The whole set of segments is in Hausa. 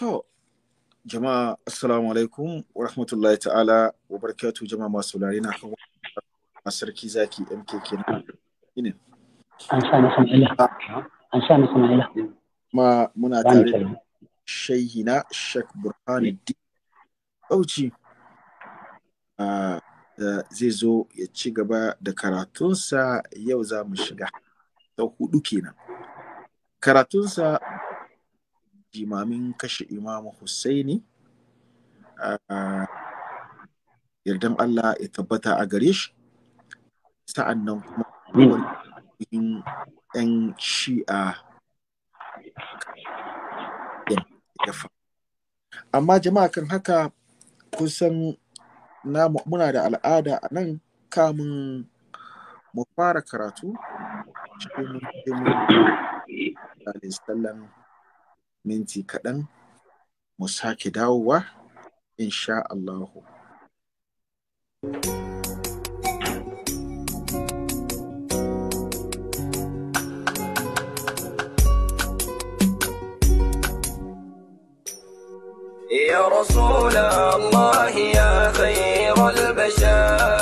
To, jama'a assalamu alaikum wa rahmatullahi ta'ala wa barakatu jama'a masu lari na hawa a sarki zaki mkk na ne? An sha na Sama'ila. Ah. An sha na Sama'ila. Ma muna tare da shaihina Sheikh Burhanuddin Bauchi. Ah, zai zo ya ci gaba da karatunsa yau za mu shiga ta hudu kenan. Karatunsa jimamin kashe imamu Hussaini ah, yardan Allah ya tabbata a gare shi sa'an nan kuma hmm. yan shi'a ya fa amma jama'a kan haka kusan muna da al'ada a nan kamun mu fara karatu cikin sallan minti kaɗan mu sake dawowa insha Allahu. يا رسول الله يا خير البشر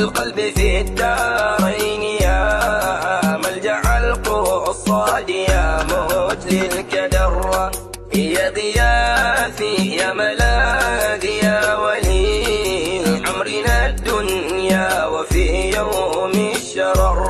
القلب في الدارين يا ملجع القصاد يا موت للكدر يا غياثي يا ملاذي يا ولي عمرنا الدنيا وفي يوم الشرر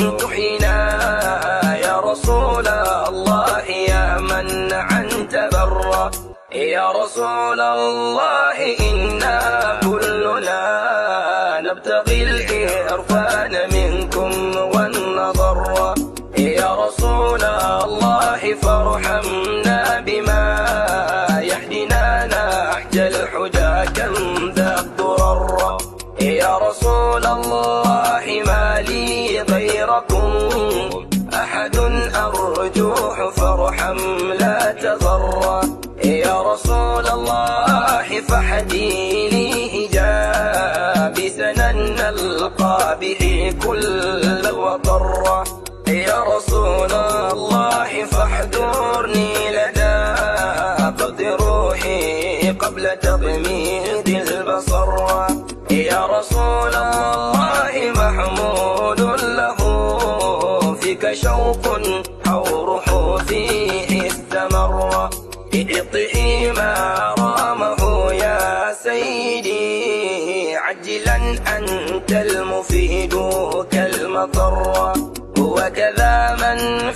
يا رسول الله إنا كلنا نبتغي الإرفان منكم والنظر يا رسول الله فارحمنا بما يحدنا نحج الحجى كم ذا الضرر يا رسول الله ما لي غيركم أحد أرجوح فارحم لا تضرر رسول الله فحدي لي إجابي نلقى به كل وضرة يا رسول الله فاحذرني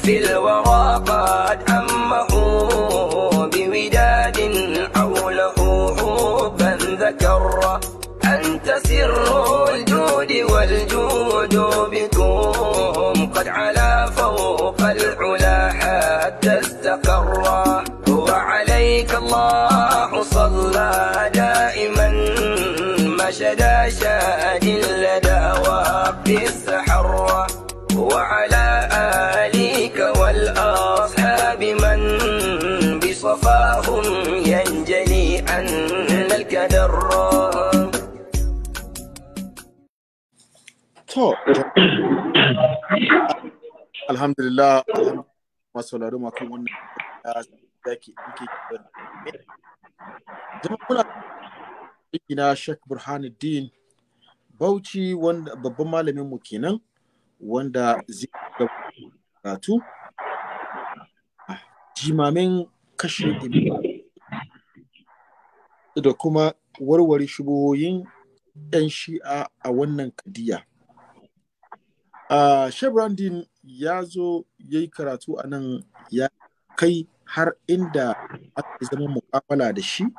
في الورى قد أمه بوداد حوله حبا ذكر أنت سر الجود والجود بكم قد علا فوق العلا حتى استقر هو عليك الله صلى دائما شدا شاد لدى وقت السحر وعلى آله والأصحاب من بصفاهم ينجلي عن الكدر alhamdulillah masu sauraro ma kan wannan da ke ke jama'a kuna na Sheikh Burhanuddin Bauchi wanda babban malamin mu kenan wanda zai karatu jimamin kashe da kuma warware shigoyin 'yan shi'a a wannan kadiya. Uh, Shebrandin ya zo ya yi karatu a nan ya kai har inda aka zama mukamala da shi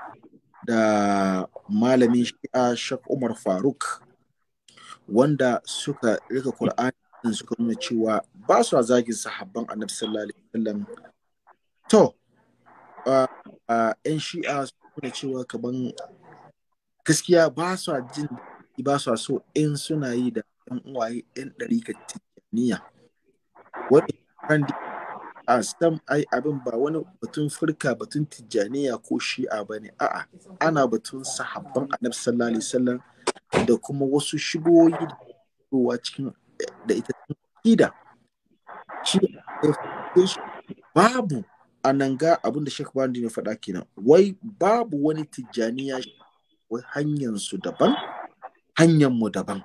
da malamin shi'a Sheikh Umar Faruk wanda suka rika Kur'ani suka nuna cewa ba su zagin sahabban annabi sallallahu alaihi wasallam to yan shi'a suna cewa kaban gaskiya ba su jin ba su so in suna yi da yan uwaye yan ka tijjaniya wani kandi a sam ai abin ba wani batun Furka, batun tijjaniya ko shi'a bane ne a'a ana batun sahabban annabi sallallahu alaihi wasallam da kuma wasu shigoyi da cikin da ita kida shi babu a nan ga abin da Sheikh Bandi ya faɗa kenan wai babu wani tijjaniya wai hanyar su daban hanyar mu daban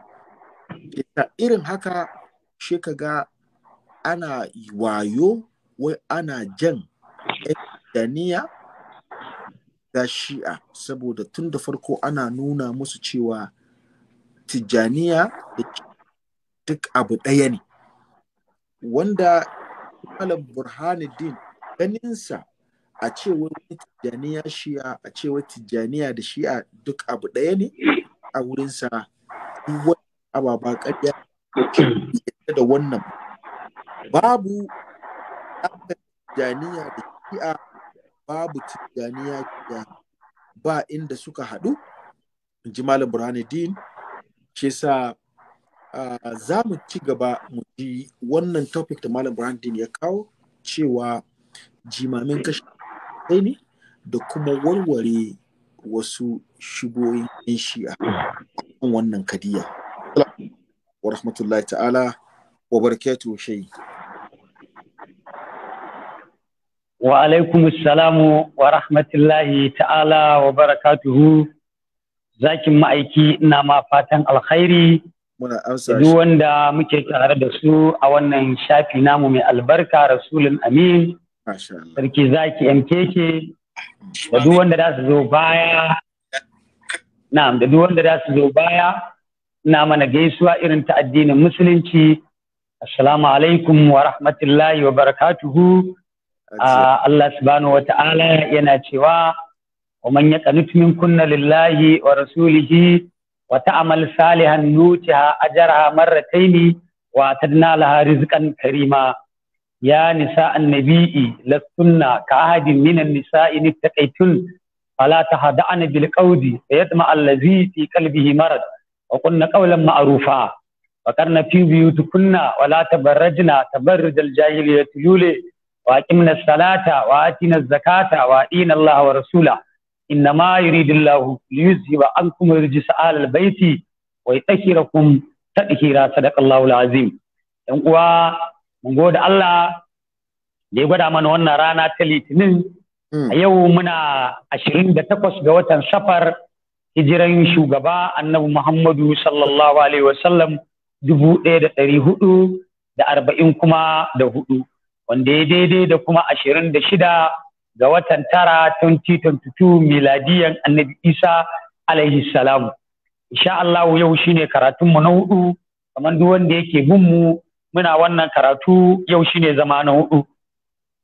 irin haka shi ga ana wayo wai ana jan tijjaniya da shi'a saboda tun da farko ana nuna musu cewa tijjaniya duk abu ɗaya ne wanda malam burhanuddin ganinsa a cewa tijjaniya shi'a a cewar tijjaniya da shi'a duk abu ɗaya ne a wurinsa wani ababa ƙarya da wannan babu tijjaniya da shi'a babu tijjaniya da ba inda suka haɗu ji malam burhanuddin shi sa Ah, za mu ci gaba mu ji wannan topic da Malam Brandon ya kawo cewa jimamin kashe sai ne da kuma warware wasu shigoyin yan shi'a a wannan kadiya. Wa rahmatullahi ta'ala wa barakatuhu shayi. Wa alaikum salamu wa rahmatullahi ta'ala wa barakatuhu zakin ma'aiki na ma fatan alkhairi muna amsa wanda muke tare da su a wannan shafi namu mai albarka rasulun amin sarki zaki mkk da duk wanda za su zo baya na da duk wanda za su zo baya ina mana gaisuwa irin ta addinin musulunci assalamu alaikum wa rahmatullahi wa barakatuhu ah, Allah subhanahu wa ta'ala yana cewa wa ya yaqanut kunna lillahi wa rasulihi wata amal salihan nutiha a jaraha marataini wa tadna laha rizqan karima ya nisa annabi'i la sunna ka ahadin minan nisa'i ni taqaitul fala tahada'ana bil qawdi fa yadma allazi fi qalbihi marad wa qulna qawlan ma'rufa wa karna fi buyutikunna wa la tabarrajna tabarrujal jahiliyyati yule wa aqimna salata wa atina zakata wa atina allaha wa rasulahu إنما يريد الله ليذهب عنكم الرجس آل البيت ويطهركم تطهيرا صدق الله العظيم ɗan uwa mun gode Allah da ya gwada mana wannan rana ta litinin a yau muna ashirin da takwas ga watan safar hijiran shugaba annabi Muhammadu sallallahu alaihi wasallam dubu ɗaya da ɗari hudu da arba'in kuma da hudu wanda ya daidai da kuma ashirin da shida ga watan tara 2022 miladiyan annabi isa alaihi salamu insha Allah yau shine karatun mu na hudu kamar duk wanda yake bin mu muna wannan karatu yau shine zama na hudu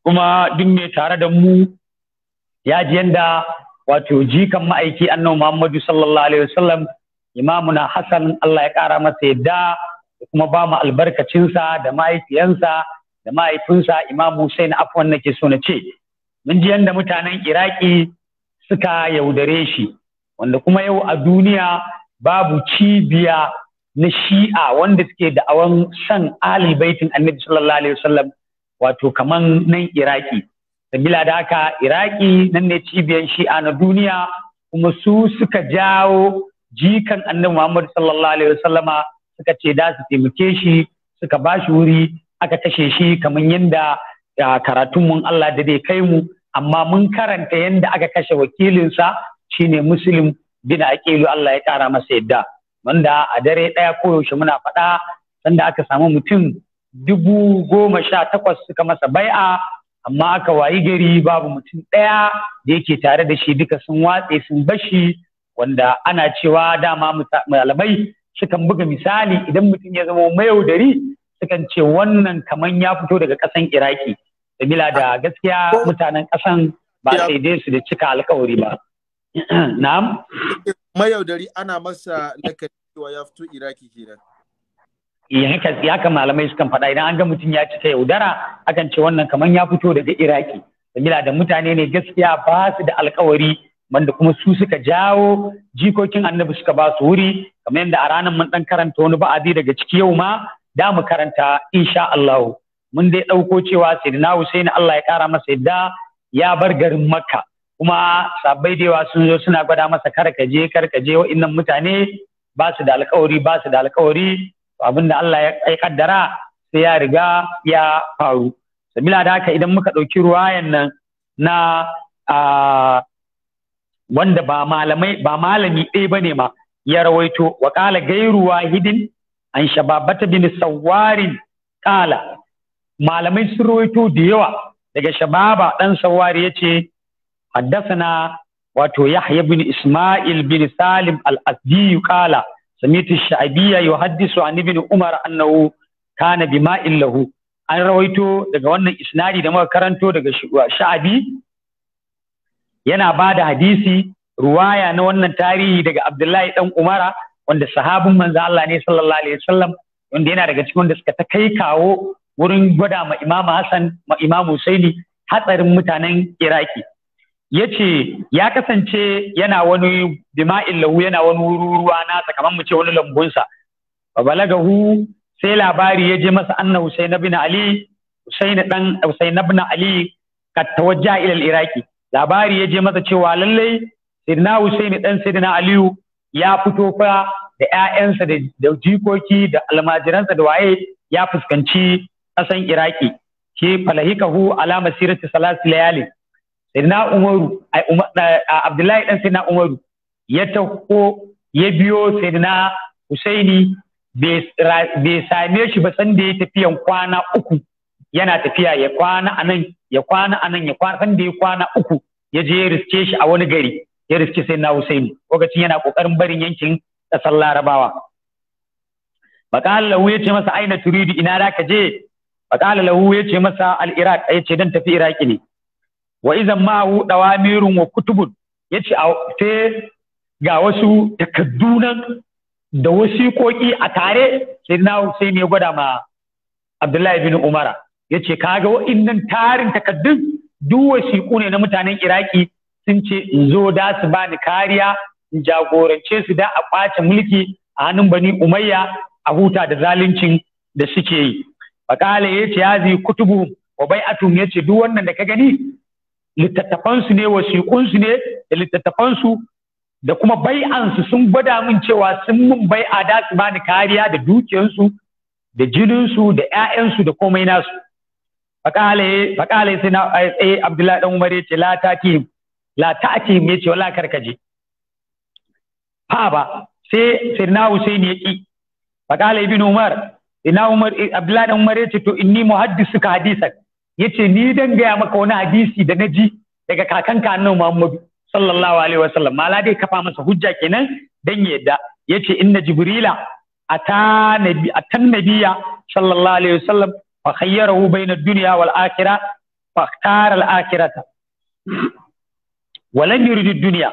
kuma duk mai tare da mu ya ji yanda wato jikan ma'aiki annabi Muhammadu sallallahu alaihi wasallam imamuna Hassan Allah ya kara masa yadda da kuma ba mu albarkacinsa da mahaifiyansa da mahaifinsa Imam na afwan nake so na ce mun ji yadda mutanen iraki suka yaudare shi wanda kuma yau a duniya babu cibiya na shi'a wanda suke da awan san ali baitin annabi sallallahu alaihi wasallam wato kaman nan iraki sabila da haka iraki nan ne cibiyar shi'a na duniya kuma su suka jawo jikan annabi muhammad sallallahu alaihi wasallama suka ce da su taimake shi suka ba shi wuri aka kashe shi kaman yadda ah, karatunmu Allah da zai kai mu amma mun karanta yadda aka kashe wakilinsa shine muslim bin aqilu Allah ya kara masa yadda wanda a dare ɗaya koyaushe muna faɗa sanda aka samu mutum dubu goma sha takwas suka masa bai'a amma aka wayi gari babu mutum ɗaya da yake tare da shi duka sun watse sun bashi wanda ana cewa dama malamai sukan buga misali idan mutum ya zama mayaudari sukan ce wannan kaman ya fito daga ƙasan iraki sabila da gaskiya mutanen ƙasan ba sai dai su da cika alkawari ba na'am mayaudari ana masa lakari wa ya fito iraki kenan eh, ya haka malamai sukan faɗa idan an ga mutum ya cika yaudara akan ce wannan kamar ya fito daga iraki sabila da mutane ne gaskiya ba su da alkawari wanda kuma su suka jawo jikokin annabi suka ba su wuri kamar yadda a ranar mun ɗan karanta wani ba'azi daga ciki yau ma da mu karanta insha allahu mun dai ɗauko cewa Sayyidina Hussein Allah ya ƙara masa yadda ya bar garin Makka kuma sabbai da yawa sun zo suna gwada masa karkaje karkaje wainnan mutane ba su da alƙawari ba su da alƙawari abinda Allah ya kaddara sai ya riga ya faru sabila da haka idan muka ɗauki ruwayan nan na wanda ba malamai ba malami ɗaya bane ma ya rawaito wa qala gairu wahidin an shababata bin sawarin ƙala. malamai sun rawaito da yawa daga shababa dan sawari ya ce haddasana wato yahya bin isma'il bin salim al-asdi qala سميت الشعبية يحدث عن ابن Umar, أنه كان بماء Lahu. an rawaito daga wannan isnadi da muka karanto daga sha'abi yana ba da hadisi ruwaya na wannan tarihi daga abdullahi dan umara wanda sahabin manzo Allah ne sallallahu alaihi wasallam wanda yana daga cikin wanda suka ta kai kawo wurin gwada ma imamu hassan ma imamu husaini hatsarin mutanen iraki ya ce ya kasance yana wani bima'in lahu yana wani ruwa na kamar mu ce wani lambunsa Babalagahu sai labari ya je masa anna husain ibn ali husain dan husain ibn ali kat tawajja ila iraki labari ya je masa cewa lallai sirna husain dan sirna aliyu ya fito fa da ƴaƴansa da jikoki da almajiransa da waye ya fuskanci kasan iraki shi falahikahu ala masirati salasi layali na umaru abdullahi dan na umaru ya tauko ya biyo sayyidina husaini bai same shi ba sanda ya tafiyan kwana uku yana tafiya ya kwana anan ya kwana anan ya kwana sanda ya kwana uku ya je ya riske shi a wani gari ya riske na husaini lokacin yana kokarin barin yankin ƙasar larabawa baka Allah ya ce masa aina turidu ina da ka je faqala lahu yace masa al iraq yace dan tafi iraki ne wa idan ma'ahu dawamirun wa kutubun ce sai ga wasu takaddunan da wasiƙoƙi a tare sai na sai ne gwada ma Abdullahi bin Umara yace kaga wa'innan tarin takaddun duk wasiƙu ne na mutanen Iraki sun ce in zo da su bani kariya in jagorance su da a ƙwace mulki a hannun Bani Umayya a huta da zaluncin da suke yi ya ce ya zi kutubu wa bai ya yace duk wannan da ka gani littattafansu ne wasiƙunsu ne da littattafansu da kuma bai'ansu sun gwada min cewa sun mun a da su bani kariya da dukiyansu da jininsu da 'ya'yansu da komai nasu faƙale sai na tsaye eh, abdullahi dan umar yace la tatihim la tatihim ce wala karkaje fa ba sai sirna husaini yaki faƙale ibn umar ina Umar eh, Abdullahi Umar yace to inni ka hadisan yace ni dan gaya maka wani hadisi da naji daga ka annabi Muhammadu sallallahu alaihi wasallam mala dai kafa masa hujja kenan dan yadda yace inna jibrila ata nabi atan nabiyya sallallahu alaihi wasallam fa khayyarahu bayna ad-dunya wal akhirah fa ikhtara al-akhirata walan yuridu ad-dunya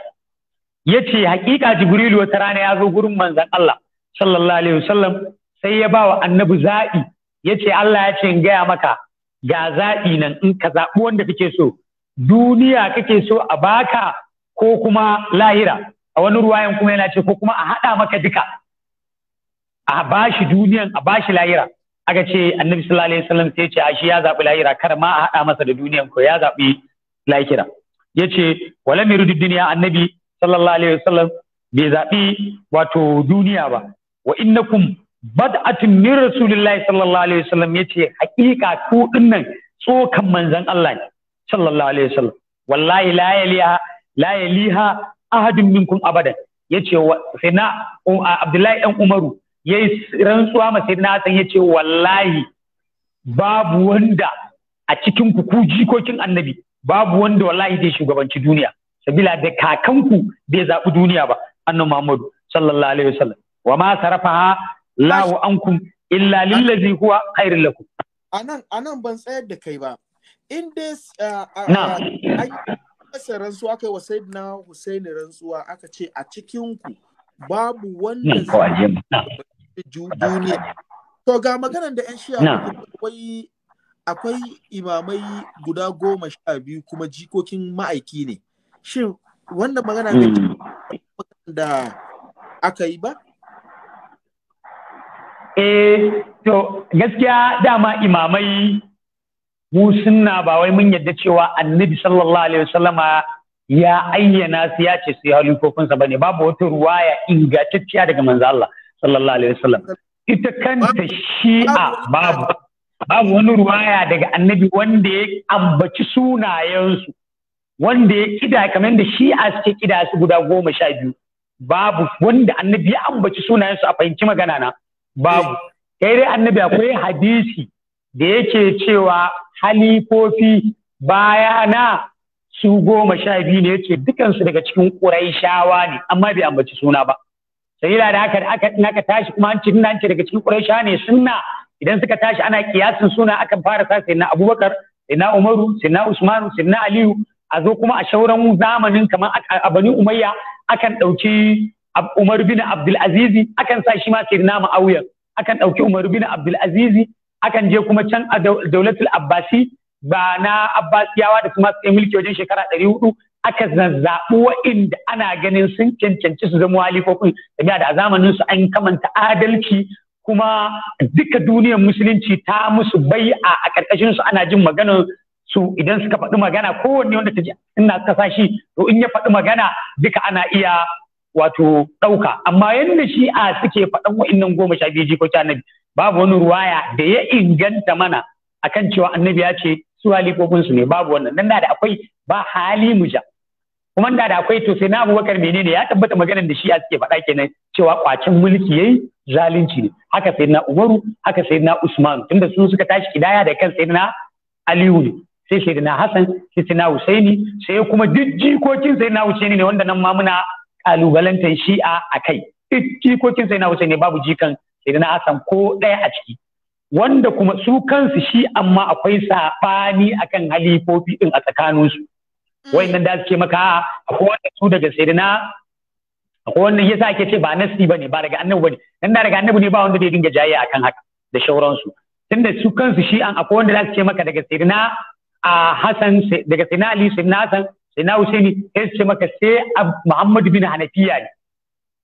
yace hakika jibrilu wata rana ya zo gurin manzon Allah sallallahu alaihi wasallam sai ya ba wa annabi zaɓi ya ce Allah ya ce in gaya maka ga zaɓi nan in ka zaɓi wanda kake so duniya kake so a baka ko kuma lahira a wani ruwayan kuma yana ce ko kuma a haɗa maka duka a bashi duniyan a bashi lahira aka ce annabi sallallahu alaihi wasallam sai ya ce a shi ya zaɓi lahira kar ma a haɗa masa da duniyan ko ya zaɓi lahira ya ce walam yuridu duniya annabi sallallahu alaihi wasallam bai zaɓi wato duniya ba wa innakum bad'atin min rasulillahi sallallahu alaihi wasallam yace hakika ku dinnan tsokan manzon Allah ne sallallahu alaihi wasallam wallahi la yaliha la yaliha ahadun minkum abadan yace sai na um, Abdullahi dan Umaru yayi rantsuwa ma sai na san yace wallahi babu wanda a cikin ku ku jikokin annabi babu wanda wallahi zai shugabanci duniya sabila da kakanku bai zaɓi duniya ba annabi Muhammadu sallallahu alaihi wasallam wa ma sarafaha lahu ankum illa lillazi huwa khairul lakum anan anan ban tsayar da kai ba in dai uh, uh, uh, na aka rantsuwa aka wa sayyidina Husaini rantsuwa aka ce a cikin ku babu wanda zai duniya to ga maganar da yan shi'a akwai akwai imamai guda goma sha biyu kuma jikokin ma'aiki ne shin wannan magana hmm. da aka yi ba eh to gaskiya dama imamai mu sunna ba wai mun yadda cewa annabi sallallahu alaihi wasallama ya ayyana su ya ce su halifofinsa bane babu wata ruwaya ingantacciya daga manzo Allah sallallahu alaihi wasallam ita kanta shi'a babu babu wani ruwaya daga annabi wanda ya ambaci sunayensu wanda ya kida kamar da shi'a suke kida su guda goma sha biyu babu wanda annabi ya ambaci sunayensu a fahimci magana na babu kai dai annabi akwai hadisi da yake cewa halifofi bayana su goma sha biyu ne yake dukansu daga cikin shawa ne amma bai ambaci suna ba Sai da haka aka ka tashi kuma an ce an daga cikin shawa ne sunna idan suka tashi ana kiyasin suna akan fara sa sai na Abubakar sai na Umaru sai na Usman, sai na Aliyu a zo kuma a shauran zamanin kamar a Bani Umayya akan ɗauki Umar bin Abdul Azizi akan sa shi ma Sayyidina Muawiya akan ɗauki Umar bin Abdul Azizi akan je kuma can a Daulatul Abbasi ba na Abbasiyawa da kuma sai mulki wajen shekara ɗari hudu aka zazzaɓi wa'inda ana ganin sun cancanci su zama halifofin da da a zamanin su an kamanta adalci kuma duka duniyar musulunci ta musu bai a ƙarƙashin su ana jin maganar su idan suka faɗi magana kowanne wanda ta ji ina kasa shi to in ya faɗi magana duka ana iya wato ɗauka amma yadda shi'a suke faɗan wa'innan goma sha biyu jikoki annabi babu wani ruwaya da ya inganta mana akan cewa annabi ya ce su halifofin su ne babu wannan nan da akwai ba hali muja kuma da da akwai to sai na abubakar menene ya tabbata maganar da shi a suke faɗa kenan cewa kwacin mulki yayi zalunci ne haka sai na umaru haka sai na usman tunda su suka tashi kidaya da kan sai na aliyu ne sai sai na hassan sai na husaini sai kuma duk jikokin sai na husaini ne wanda nan ma muna kalubalantar shi'a a kai duk jikokin sai na wuce ne babu jikan sai na asan ko ɗaya a ciki wanda kuma su kansu shi amma akwai saɓani akan halifofi din a mm. Wai nan da suke maka akwai wanda su daga sirina akwai wannan yasa ake ce ba nasi bane ba daga annabi bane nan da daga annabi ne ba wanda zai dinga jaye akan haka da shauransu tunda su kansu shi an akwai wanda za su ce maka daga sirina a Hassan daga sayyidina Ali Hassan sai na Husaini sai ce maka sai Muhammad bin Hanafiya ne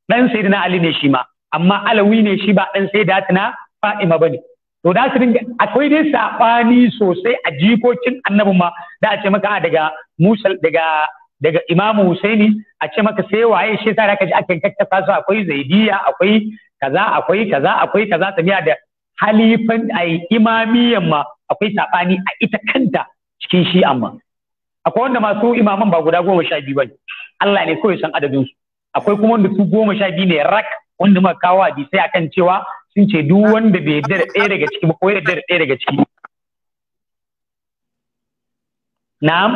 dan sayyidina Ali ne shi ma amma Alawi ne shi ba dan na Fatima bane to da su dinga akwai dai sabani sosai a jikokin annabi ma da a ce maka ah, daga Musa daga daga Imam Husaini a ce maka sai waye shi sai ka ji akan kakkasa su akwai Zaidiya akwai kaza akwai kaza akwai kaza miya da halifan ai imamiyan ma akwai sabani a ita kanta cikin shi amma akwai wanda masu imaman ba guda goma sha biyu bane Allah ne kawai san adadin su akwai kuma wanda su goma sha biyu ne rak wanda muka kawo hadisai akan cewa sun ce duk wanda bai yarda da ɗaya daga ciki ba ko yarda da ɗaya daga ciki na'am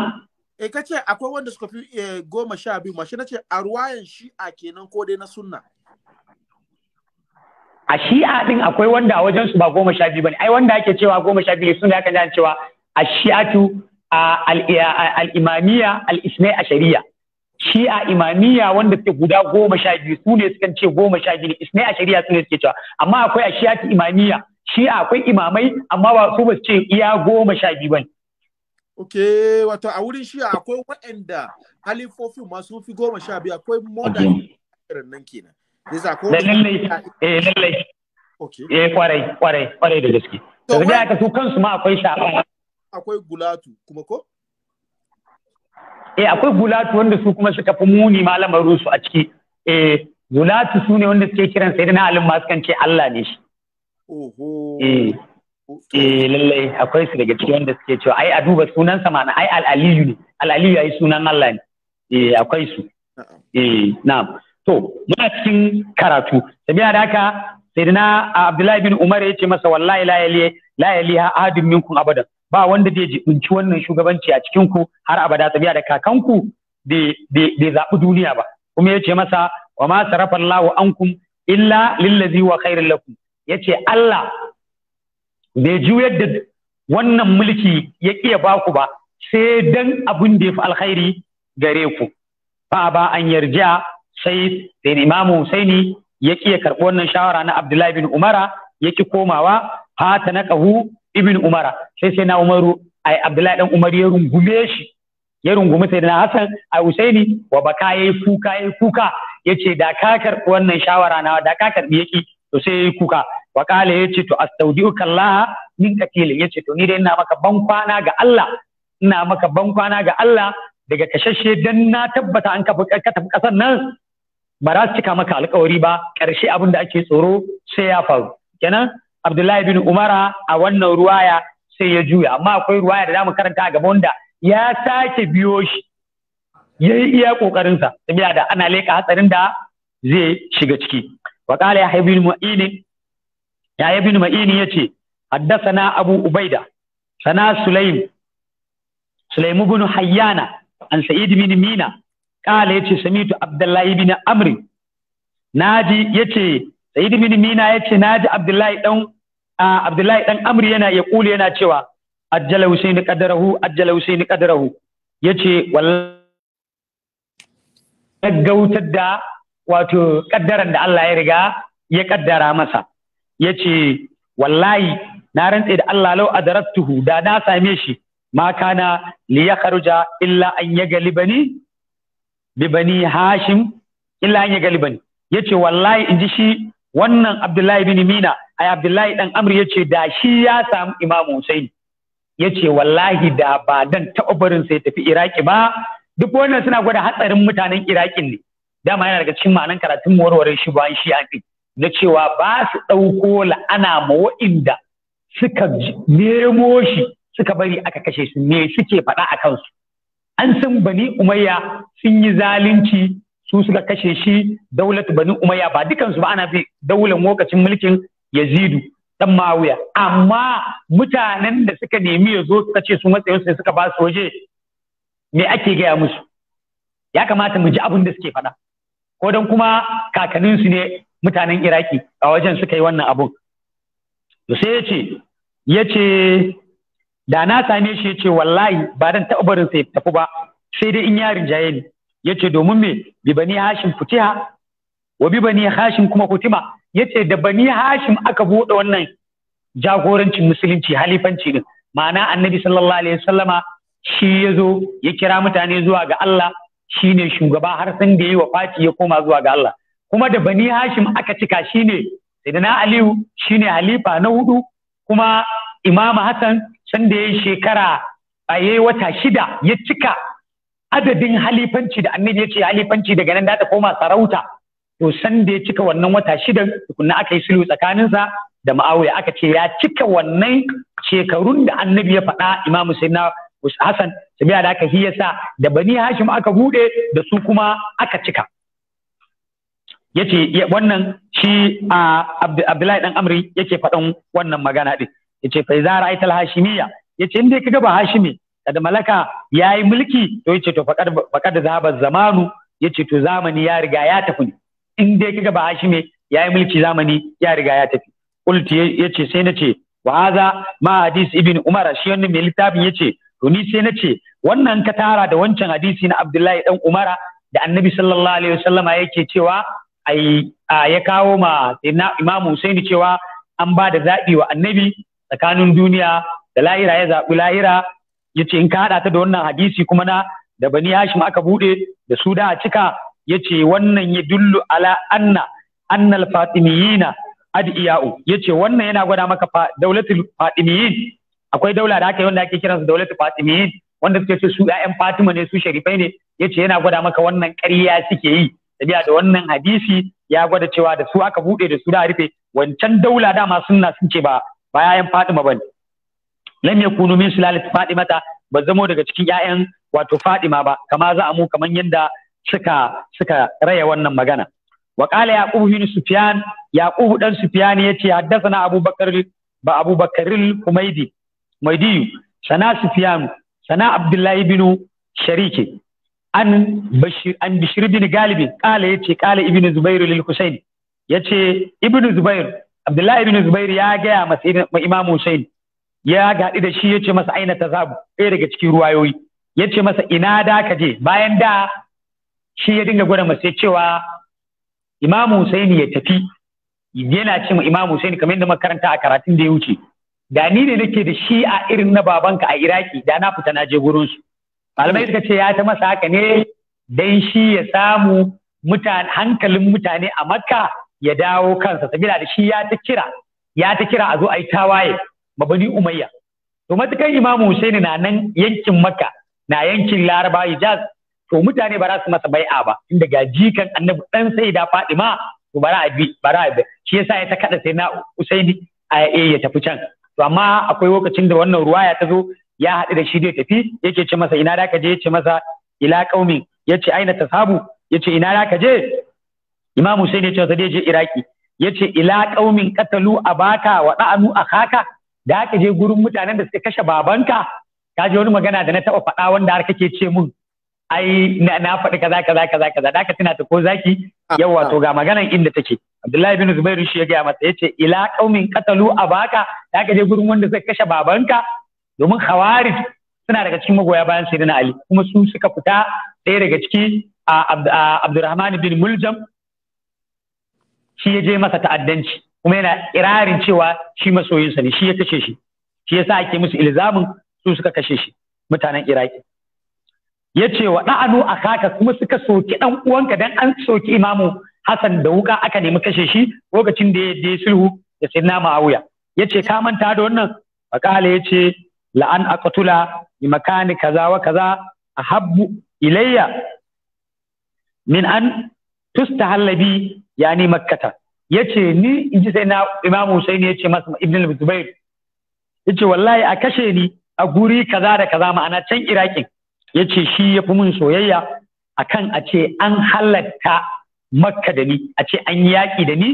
eh kace akwai wanda suka fi eh, goma sha biyu mashi nace a ruwayan shi'a kenan ko dai na sunna a shi'a din akwai wanda a wajen su ba goma sha biyu bane ai wanda ake cewa goma sha biyu sun da aka cewa a shi'atu al'imamiya imamiyya a shari'a. Shi a imamiyya wanda suke guda goma sha biyu su ne sukan ce goma sha biyu isnai shari'a su ne suke cewa amma akwai a ashiyati imamiyya shi akwai imamai amma ba su ba su ce iya goma sha biyu bane Ok, wato a wurin shi akwai waɗanda halifofin masu fi goma sha biyu akwai modern irin nan kenan. Lallai, eh lallai. Eh kwarai, kwarai, kwarai da gaske. Daga da aka su kansu ma akwai shafa. akwai gulatu kuma ko? Eh akwai gulatu wanda su kuma suka fi muni malamar rusu a ciki. Eh gulatu su ne wanda suke kiran sai na alin masu kan ce Allah ne shi. Oho. Eh eh lallai akwai su daga ciki wanda suke cewa ai a duba sunan sa mana ai al-aliyu ne al-aliyu ai sunan Allah ne. Eh akwai su. Eh na'am. To muna cikin karatu. Sabiya da haka Sayyidina Abdullahi bin Umar ya ce masa wallahi la yali la ahadin minkum abadan ba wanda zai jibinci wannan shugabanci a cikin ku har abada tabiya da kakanku bai zaɓi duniya ba kuma ya ce masa wa ma sarafa Allahu ankum illa lillazi wa khairul lakum ce Allah bai juyar da wannan mulki ya iya baku ba sai dan abin da yafi fi alkhairi gare ku ba ba an yarja sai sai Imam Husaini ya ki ya karɓi wannan shawara na Abdullahi bin Umara ya ki komawa fata na ibn umara sai sai na umaru ai abdullahi dan umar ya rungume shi ya rungumi sai na hasan a usaini wa baka yayi kuka yayi kuka yace da kakar wannan shawara na da kakar karbi yaki to sai yayi kuka wa qala yace to astaudiuka allah min qatil yace to ni dai ina maka bankwana ga allah ina maka bankwana ga allah daga kashashe dan na tabbata an kafa kasar nan ba za su cika maka alkawari ba Karshe abin da ake tsoro sai ya faru kenan Abdullahi bin Umara a wannan ruwaya sai ya juya amma akwai ruwaya da zamu karanta a gaba wanda ya sake biyo shi ya yi iya kokarin sa saboda da ana leka hatsarin da zai shiga ciki wa qala ya ibn mu'ini ya ibn mu'ini yace haddathana abu ubaida sana sulaim sulaim ibn hayyana an sa'id bin mina qala yace samitu abdullahi bin amr naji yace Sa'id bin Mina yace naji Abdullahi dan Abdullahi dan Amr yana ya kuli yana cewa ajjala Husaini qadarahu ajjala Husaini qadarahu yace wallahi gaggautar da wato kaddaran da Allah ya riga ya kaddara masa yace wallahi na rantse da Allah lau adaraktuhu da na same shi ma kana li yakhruja illa an yagalibani bi bani hashim illa an yagalibani yace wallahi inji shi wannan Abdullahi bin Mina ai Abdullahi dan Amr yace da shi ya samu Imam Hussein yace wallahi da ba dan taɓa barin sai tafi Iraki ba duk wannan suna gwada hatsarin mutanen Irakin ne dama yana daga cikin ma'anan karatun warware shi bayan shi yaƙi na cewa ba su ɗauko la'ana ma wa'inda suka nemo shi suka bari aka kashe su me suke faɗa a kansu an san bani umayya sun yi zalunci su suka kashe shi daulat bani umayya ba dukansu ba ana fi daular lokacin mulkin yazidu dan mawuya amma mutanen da suka nemi ya zo suka ce su matsayin su suka ba su waje me ake gaya musu ya kamata mu ji abin da suke faɗa ko dan kuma kakannin su ne mutanen iraki a wajen suka yi wannan abun to sai yace yace da na same shi ya ce wallahi ba dan taɓa barin sai tafi ba sai dai in yarin jaye ne yace domin me bi bani hashim futiha wa bi bani hashim kuma kutima yace da bani hashim aka bude wannan jagorancin musulunci halifanci din ma'ana annabi sallallahu alaihi wasallama shi yazo ya kira mutane zuwa ga Allah shine shugaba har san da yi wafati ya koma zuwa ga Allah kuma da bani hashim aka cika shine sayyidina aliyu shine halifa na hudu kuma imama Hassan san da yayi shekara a yayi wata shida ya cika adadin halifanci da annabi ya ce halifanci daga nan da ta koma sarauta to san da ya cika wannan wata shida, tukunna aka yi sulhu tsakaninsa da ma'awiya aka ce ya cika wannan shekarun da annabi ya faɗa imamu sayyidina hasan tabiya da aka hiyasa da bani Hashim aka bude da su kuma aka cika yace wannan shi Abdullahi dan Amri yake faɗan wannan magana din yace fa iza ra'aytal hashimiyya yace inda kaga ba hashimi kada malaka yayi mulki to yace to faqad da zahaba zamanu yace to zamani ya riga ya tafi ne in dai kiga ba hashime yayi mulki zamani ya riga ya tafi qulti yace sai nace wa haza ma hadis ibn umar shi wannan mai littafin yace to ni sai nace wannan ka tara da wancan hadisi na abdullahi dan umara da annabi sallallahu alaihi wasallama yake cewa ai ya kawo ma imamu husaini cewa an ba da zaɓi wa annabi tsakanin duniya da lahira ya zaɓi lahira yace in ka hada ta da wannan hadisi kuma na da bani hashim aka bude da su da a cika yace wannan ya dullu ala anna annal fatimiyina Ya yace wannan yana gwada maka daulatul fatimiyin akwai daula da aka yi wanda ake kiransu daulatul fatimiyin wanda suke ce su ƴaƴan Fatima ne su sharifai ne yace yana gwada maka wannan ƙarya suke yi tabiya da wannan hadisi ya gwada cewa da su aka bude da su da rufe wancan daula dama sunna sun ce ba ba ƴaƴan Fatima bane lam yakunu min sulalati fatimata ba zamo daga cikin 'ya'yan wato fatima ba kama za mu kaman yanda suka suka raya wannan magana wa qala yaqub bin sufyan yaqub dan sufyan yace haddathana abubakar ba abubakar al-humaydi maidi sana sufyan sana abdullahi bin shariki an bashir an bishir bin galibi. qala yace qala ibnu zubair lil husayn yace ibnu zubair abdullahi ibnu zubair ya gaya masa imam husayn ya gaɗi da shi ya ce masa aina ta zabu ɗaya daga cikin ruwayoyi ya ce masa ina da ka je bayan da shi ya dinga gwada masa cewa imam Husaini ya tafi yana ce ma imam Husaini kamar yadda makaranta a karatun da ya wuce da ni ne nake da shi a irin na babanka a Iraki da na fita na je gurin su malamai suka ce ya ta masa haka ne dan shi ya samu mutane hankalin mutane a Makka ya dawo kansa sabila da shi ya ta kira ya ta kira a zo a yi tawaye mabani umayya to matukan imamu husaini na nan yankin makka na yankin laraba hijaz to mutane ba za su masa bai'a ba inda ga jikan annabi dan sai da fadima to bara abi bara abi shi yasa ya ta kada sai na husaini a ya tafi can to amma akwai lokacin da wannan ruwaya ta zo ya haɗu da shi da tafi yake ce masa ina da ka je yace masa ila qaumin yace aina tasabu yace ina da ka je imam husaini ya ce zai je iraki yace ila qaumin qatalu abaka wa da'anu akhaka da aka je gurin mutanen da suka kashe babanka ka ji wani magana da na taɓa faɗa wanda har kake ce mun ai na faɗi kaza kaza kaza kaza da aka tuna ta ko zaki ah, Yau wato ah. ga maganan inda take Abdullahi bin Zubair shi ya gaya masa yace ila qaumin qatalu abaka da aka je gurin wanda suka kashe babanka domin khawarij suna daga cikin magoya bayan sayyidina Ali kuma su suka fita ɗaya daga ciki a Abdurrahman bin Muljam shi ya je masa ta'addanci kuma yana irarin cewa shi masoyinsa ne shi ya kashe shi shi yasa ake musu ilzamin su suka kashe shi mutanen iraki ya ce wa ɗa'anu a kaka kuma suka soki ɗan uwanka dan an soki imamu Hassan da wuka aka nemi kashe shi lokacin da ya je sulhu da sai na ma'auya ya ce ka manta da wannan fakala ya ce la'an aqtula bi makani kaza wa kaza ahabbu ilayya min an tustahalla ya yani makkata ya ce ni in ji sai na imam Hussein ya ce masa ibn al-zubair ya ce wallahi a kashe ni a guri kaza da kaza ma'ana can irakin ya ce shi ya fi mun soyayya A kan a ce an halatta makka da ni a ce an yaƙi da ni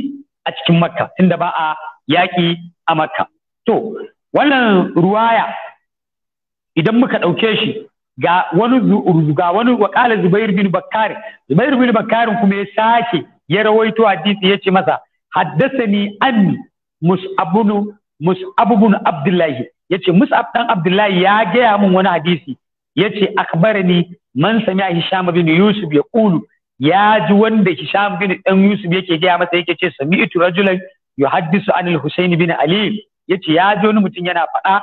a cikin makka tunda ba a yaƙi a makka to wannan ruwaya idan muka ɗauke shi ga wani ga wani wakala zubair bin bakkar zubair bin bakkar kuma ya sake ya rawaito hadisi ya ce masa haddasani anni mus'abunu mus'abun abdullahi ya ce mus'ab dan abdullahi ya gaya min wani hadisi ya ce akbarani man sami hisham bin yusuf ya kulu ya ji wanda hisham bin dan yusuf yake gaya masa yake ce sami'tu rajulan yuhaddisu anil husaini bin ali ya ce ya ji wani mutum yana faɗa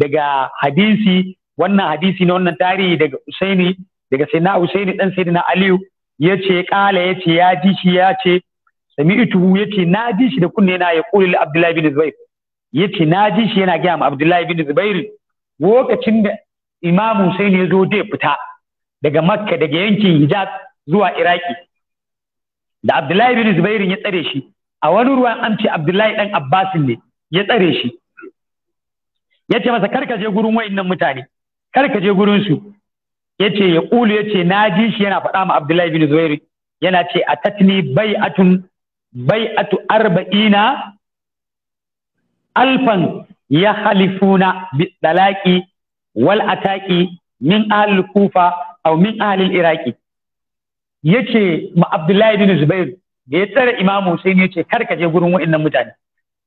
daga hadisi wannan hadisi na wannan tarihi daga husaini daga na husaini dan na aliyu ya ce ƙala ya ce ya ji shi ya ce ituhu ya ce na ji shi da kunne na ya ƙulil abdullahi bin zubair ya ce na ji shi yana gaya ma abdullahi bin zubair lokacin da imamu sai ne zo zai fita daga makka daga yankin hijaz zuwa iraki da abdullahi bin zubair ya tsare shi a wani ruwan an ce abdullahi dan abbasin ne ya tsare shi ya ce masa karka je gurin wayannan mutane karka je gurin su yace ya ƙulu yace na ji shi yana faɗa ma Abdullahi bin Zubair yana ce a atatni bai'atun bai'atu arba'ina alfan ya halifuna dalaki, wal ataki min ahlil kufa aw min ahlil iraki yace ma Abdullahi bin Zubair da ya tsare Imam Hussein yace kar ka je gurin waɗannan mutane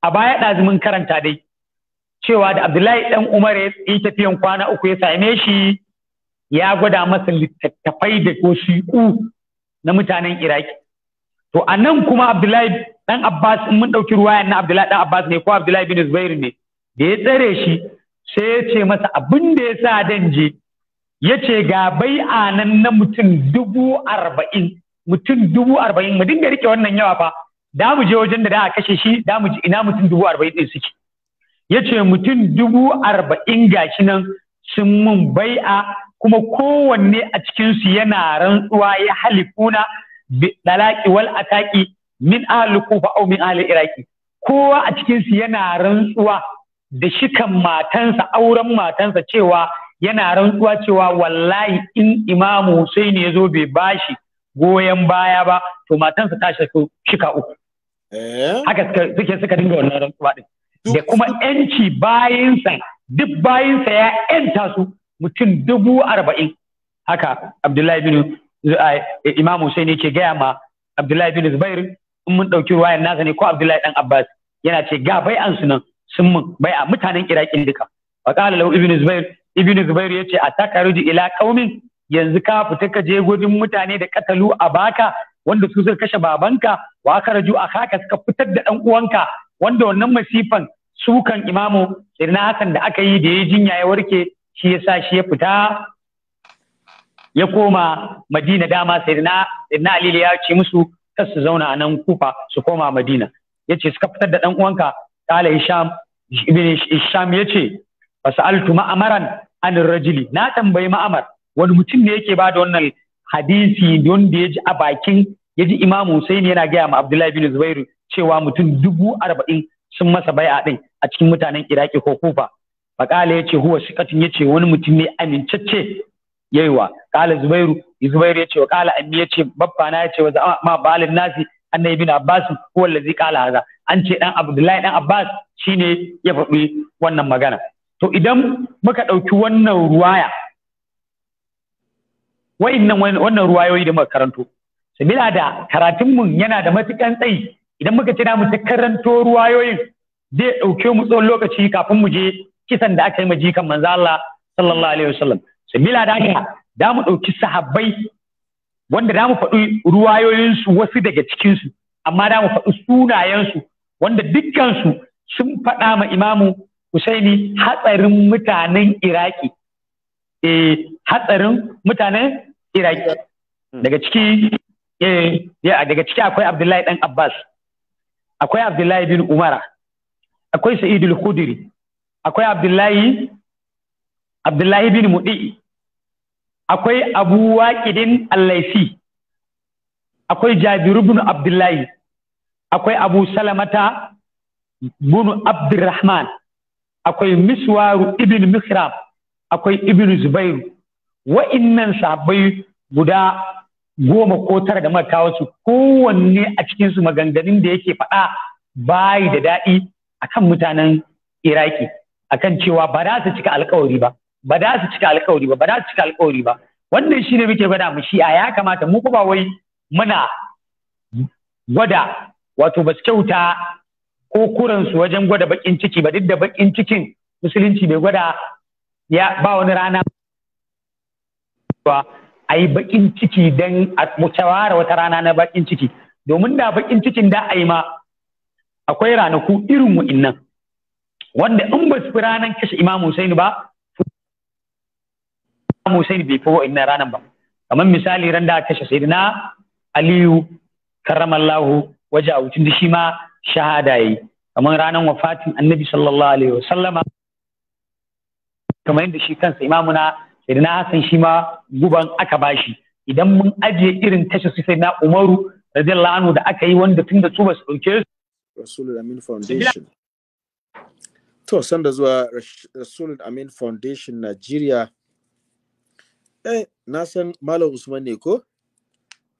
a baya mun karanta dai cewa da Abdullahi dan Umar ya yi tafiyan kwana uku ya same shi ya gwada masa littattafai da wasiƙu na mutanen iraki to a nan kuma abdullahi dan abbas in mun ɗauki ruwayan na abdullahi dan abbas ne ko abdullahi bin zubair ne da ya tsare shi sai ya ce masa abin da ya sa dan je ya ce ga bai'a anan na mutum dubu arba'in mutum dubu arba'in mu dinga rike wannan yawa fa da mu je wajen da da a kashe shi da mu ina mutum dubu arba'in din suke ya ce mutum dubu arba'in gashi nan sun mun bai'a kuma kowanne a cikinsu yana rantsuwa ya halifuna dalaki wal ataki min ahli kufa au min ahli iraki kowa a cikinsu yana rantsuwa da shikan matansa auren matansa cewa yana rantsuwa cewa wallahi in imamu Hussein ya zo bai bashi goyon baya ba to matansa ta shika uku eh? haka suke suka dinga wannan rantsuwa din da kuma yanci bayinsa duk bayinsa ya yanta su mutum dubu arba'in haka abdullahi bin eh, imam Hussein yake gaya ma abdullahi bin zubair in mun ɗauki ruwayan nasa ne ko abdullahi dan abbas yana ce ga bai an sunan sun mun bai a mutanen iraqin duka wa qala lahu ibnu zubair ibnu zubair yace atakaruji ila qaumin yanzu ka fita ka je gudun mutane da katalu a baka wanda su suka kashe babanka wa karaju a haka suka fitar da dan uwanka wanda wannan masifan sukan imamu irin hakan da aka yi da ya jinya ya warke shi ya sa shi ya fita ya koma Madina dama sai na alili ya ce musu kar su zauna a nan Kufa su koma Madina ce suka fitar da ɗan uwanka kala Hisham ibn Hisham yace fasaltu ma'amaran an rajili. na tambayi ma'amar wani mutum ne yake ba da wannan hadisi don ya ji a bakin ya ji Imam Hussein yana gaya ma Abdullahi bin Zubairu cewa mutum dubu arba'in sun masa bai'a ɗin a cikin mutanen Iraki ko Kufa faƙala ya ce huwa sikatun ya ce wani mutum ne amincacce yaiwa ƙala zubairu zubairu ya ce wa ƙala ya ce babba na ya ce wa ma balin nasi annabi bin abbas huwa zai ƙala haza an ce dan abdullahi dan abbas shine ya faɗi wannan magana to idan muka ɗauki wannan ruwaya nan wannan ruwayoyi da makarantu, sabila da karatunmu yana da matukan tsayi idan muka ce mu ta karanto ruwayoyin zai ɗauke mu tsawon lokaci kafin mu je kisan da aka yi ma jikan manzo Allah sallallahu alaihi wasallam bila da haka da mu ɗauki sahabbai wanda da mu faɗi ruwayoyinsu wasu daga cikinsu amma da mu faɗi sunayensu wanda dukkansu sun faɗa ma imamu Husaini hatsarin mutanen Iraki eh hatsarin mutanen Iraki hmm. daga ciki eh daga ciki akwai Abdullahi dan Abbas akwai Abdullahi bin Umara akwai Sa'id al-Khudri akwai abdullahi abdullahi bin muɗi akwai abu waƙidin allaifi akwai jabiru bin abdullahi akwai abu salamata bin abdurrahman akwai miswaru ibn Mihram, akwai ibn zubairu wa'innan sahabbai guda goma ko tara da muka kawo su kowanne a cikinsu maganganun da yake faɗa bayi da daɗi akan mutanen iraki akan cewa ba za su cika alkawari ba ba za su cika alkawari ba ba za su cika alkawari ba wannan shine muke gwada mu shi a ya kamata mu kuma wai muna gwada wato ba su kyauta ko kuransu wajen gwada bakin ciki ba duk da bakin cikin musulunci bai gwada ya ba wani rana ba a yi bakin ciki don a shawara wata rana na bakin ciki domin da bakin cikin da a yi ma akwai ranaku irin wa'innan wanda in ba su fi ranar kashe Imam Husaini ba Imam Hussein bai fi wa'annan ranar ba kamar misali ran da kashe Sayyidina Aliyu karramallahu waje a da shi ma shahada yayi kamar ranar wafatin Annabi sallallahu alaihi wasallama kamar yadda shi kansa imamuna Sayyidina Hassan shi ma guban aka bashi idan mun ajiye irin kashe su na Umaru radiyallahu anhu da aka yi wanda tun da su ba su ɗauke. su Rasulul Amin Foundation To, da zuwa rasul Amin Foundation Nigeria. Eh, na san Malam Usman ne ko?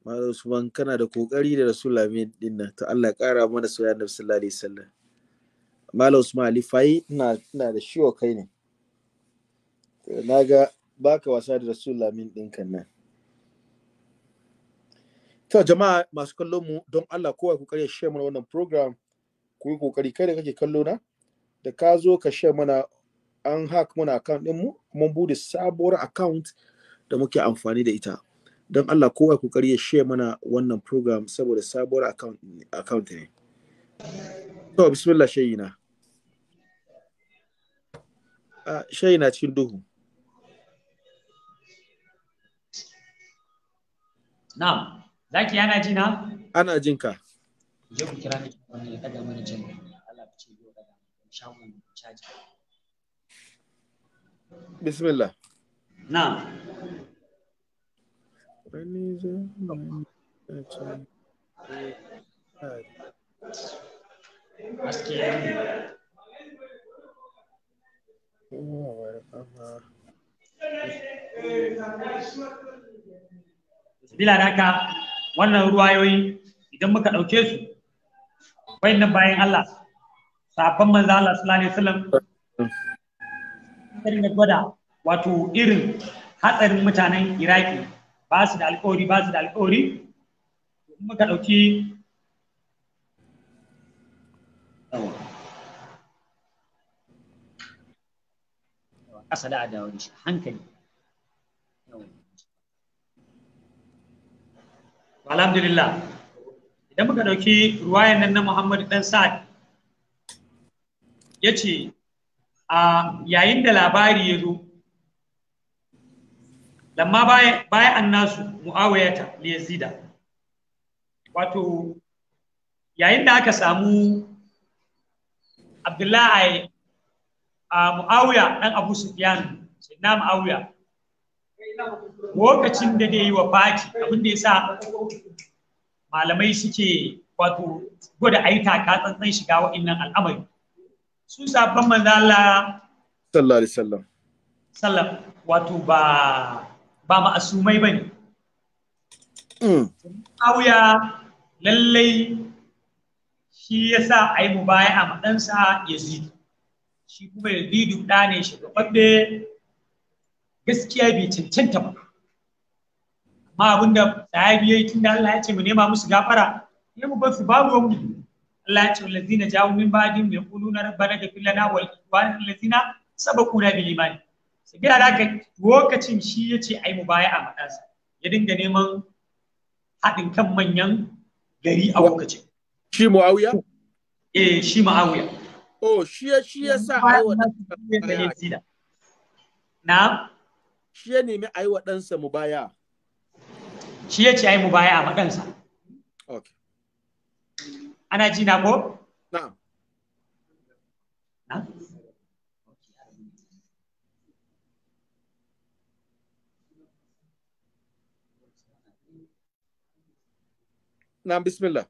Malam Usman kana da kokari da Rasul Amin din nan. To Allah kara mana soyayya Nabi sallallahu alaihi wasallam. Malam Usman Ali Fai ina ina da shiwo kai ne. Na ga baka wasa da Rasul Amin din kan nan. To jama'a masu kallon mu don Allah kowa ku kare share mana wannan program. Ku yi kokari kai da kake kallo na. da ka zo ka share mana an hack muna account din mu mun bude sabuwar account da muke amfani da ita don Allah kowa kokari ya share mana wannan program saboda sabuwar account account ne to bismillah shayina a shayina cikin duhu na'am zaki yana jina. ana jinka yau kira ne ya daga mana jinka sau mình sai Bismillah. Nào. Askiya. Bila da haka wannan ruwayoyi idan muka ɗauke su, wayannan bayan Allah safan manzo Allah sallallahu alaihi wasallam hmm. gwada wato irin hatsarin mutanen Iraki ba su da alƙawari ba su da alƙawari muka ɗauki ƙasa da adawar shi hankali alhamdulillah idan muka ɗauki ruwayan nan na Muhammadu ɗan Sa'ad ya ce a yayin da labari ya zo lamma baya an nasu mu'awayata liyazida wato yayin da aka samu abdullahi a mu'awiya ɗan abu sufyan sai na mu'awiya lokacin da dai wa fati abinda ya sa malamai suke wato gwada aita ka tsantsan shiga wa'innan al'amari su sabon manzala sallallahu alaihi wasallam sallam wato ba ba ma'asumai bane mm. auya lallai shi ya sa a yi a a maɗansa Yazid. Shi kuma Yazidu ɗa ne shugababbe gaskiya bai cancanta ba. Amma abinda sahabi ya tun da Allah ya ce mu nema musu gafara, ne mu bar su babu wani Allah ya ce wallazina ja'u min ba'dihim yaquluna rabbana ighfir lana wa lazina allazina kuna bil imani. sabira da ka lokacin shi yace ai mubaya'a madansa ya dinga neman haɗin kan manyan gari a lokacin shi muawiya eh shi muawiya oh shi ya shi ya sa ai wannan na shi ya nemi ai wadansa mubaya shi ya yace ai mubaya a madansa okay ana ji na ko na'am bismillah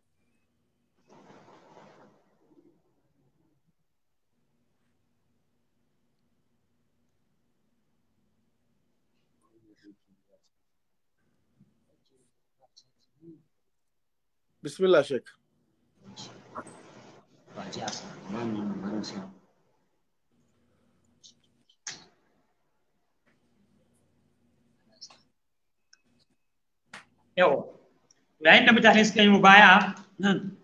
Bismillah Sheikh. Fatiha Amin Malam yau yayin da mutane suka yi mu baya nan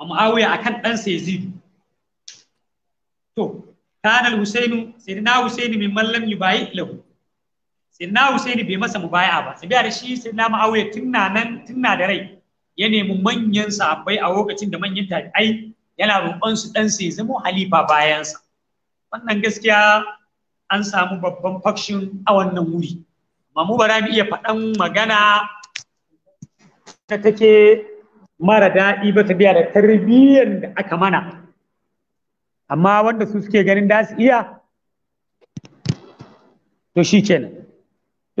a mu'awiya a kan ɗansa yazidu to kanal husainu sai na husainu mai mallam yi bayi lahu sai na husainu bai masa mu baya ba sai da shi sai na mu'awiya tunna nan tunna da rai ya nemi manyan sahabbai a lokacin da manyan tabi'ai yana roƙon su dan sai zama halifa bayansa wannan gaskiya an samu babban faction a wannan wuri amma mu bara mu iya faɗan magana ta take mara daɗi ba ta biya da tarbiyyar da aka mana amma wanda su suke ganin da su iya to shi kenan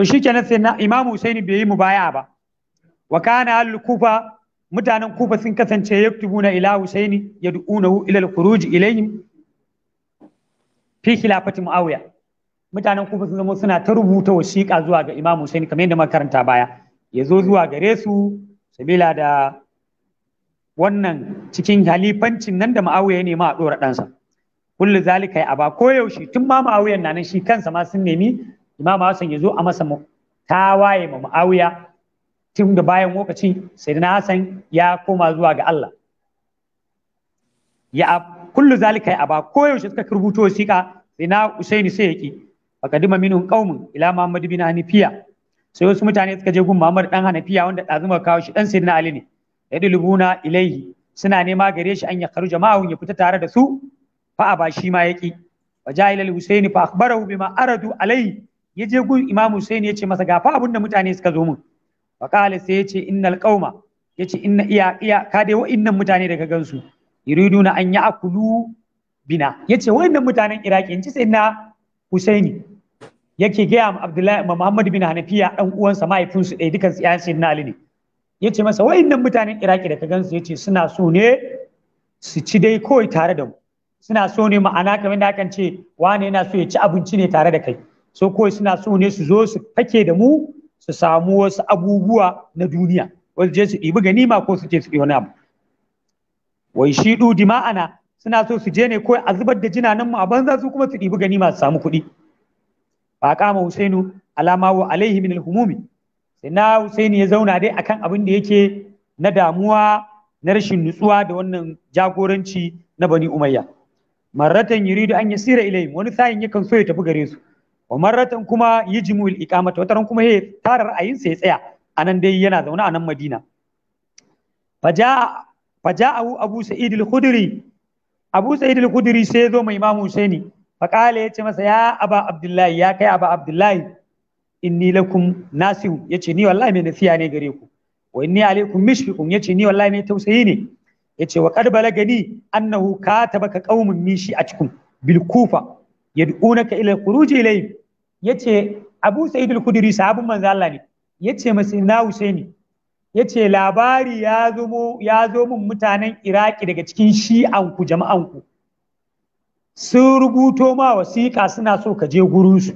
to shi kenan sai na imam Husaini bai yi mu baya ba wa kana al kufa mutanen kufa sun kasance yaktubuna ila husaini yad'unahu ila al khuruj ilayhim fi khilafati muawiya mutanen kufa sun zama suna ta rubuta wasiƙa zuwa ga imam husaini kamar yadda muka karanta baya ya zo zuwa gare su sabila da wannan cikin halifancin nan da ma'auya ya nema a ɗora ɗansa kullu zalika ya aba koyaushe tun ma ma'auyan na nan shi kansa ma sun nemi Imamu Hassan ya zo a masa waye ma ma'auya tun da bayan lokaci sayyidina Hassan ya koma zuwa ga Allah ya kullu zalika ya aba koyaushe suka rubuto sai na Usaini sai ya ki faqadima minhum qaumun ila Muhammad bin Hanifiya sai wasu mutane suka je gun Muhammad dan Hanafiya wanda ɗazuma kawo shi dan sayyidina Ali ne yadlubuna ilaihi suna nema gare shi an ya karu ma'un ya fita tare da su fa aba shi ma yaki wa ja'ila al-Husaini fa akhbarahu bima aradu alai yaje gun Imam Husaini yace masa ga fa da mutane suka zo mun fa qala sai yace innal qauma yace inna iya iya ka dai wa'innan mutane daga gansu yuriduna an ya'kulu bina yace wa'innan mutanen iraki in ci sai na husaini yake gaya ma abdullahi ma muhammad bin hanafiya dan uwansa mahaifinsu ɗaya dukan su yayan sayyidina ali ne yace masa wa'innan mutanen iraki daga gansu yace suna so ne su ci dai kawai tare da mu suna so ne ma'ana kamar da akan ce wane yana so ya ci abinci ne tare da kai so kawai suna so ne su zo su take da mu su samu wasu abubuwa na duniya wasu je su ɗibi ganima ko su je su ɗi wani abu wai shi ɗudi ma'ana suna so su je ne ko a zubar da jinanan mu a banza su kuma su ɗibi ganima su samu kuɗi ba kama husainu alama wa alaihi min alhumumi sai na husaini ya zauna dai akan abin da yake na damuwa na rashin nutsuwa da wannan jagoranci na bani umayya marratan yuridu an yasira ilayhim wani sayin yakan so ya tafi gare su wa marratan kuma yajmu al iqamata wataran kuma ya tara ra'ayinsa ya tsaya anan dai yana zaune a nan Madina faja'a faja'ahu Abu Sa'id al-Khudri Abu Sa'id al-Khudri sai zo mai Imam Husaini faqala yace masa ya Aba Abdullahi ya kai Aba Abdullahi inni lakum nasihu yace ni wallahi mai nasiya ne gare ku wa inni alaikum mishfiqun yace ni wallahi mai tausayi ne yace wa qad balagani annahu katabaka qaumun mishi a cikin bilkufa kufa yad'unaka ila khuruji ilayhi yace Abu Sa'id al-Khudri sahabin manzo Allah ne yace masa na Husaini yace labari ya zo ya zo mun mutanen Iraki daga cikin shi'an ku jama'an ku sun rubuto ma wasiƙa suna so ka je gurin su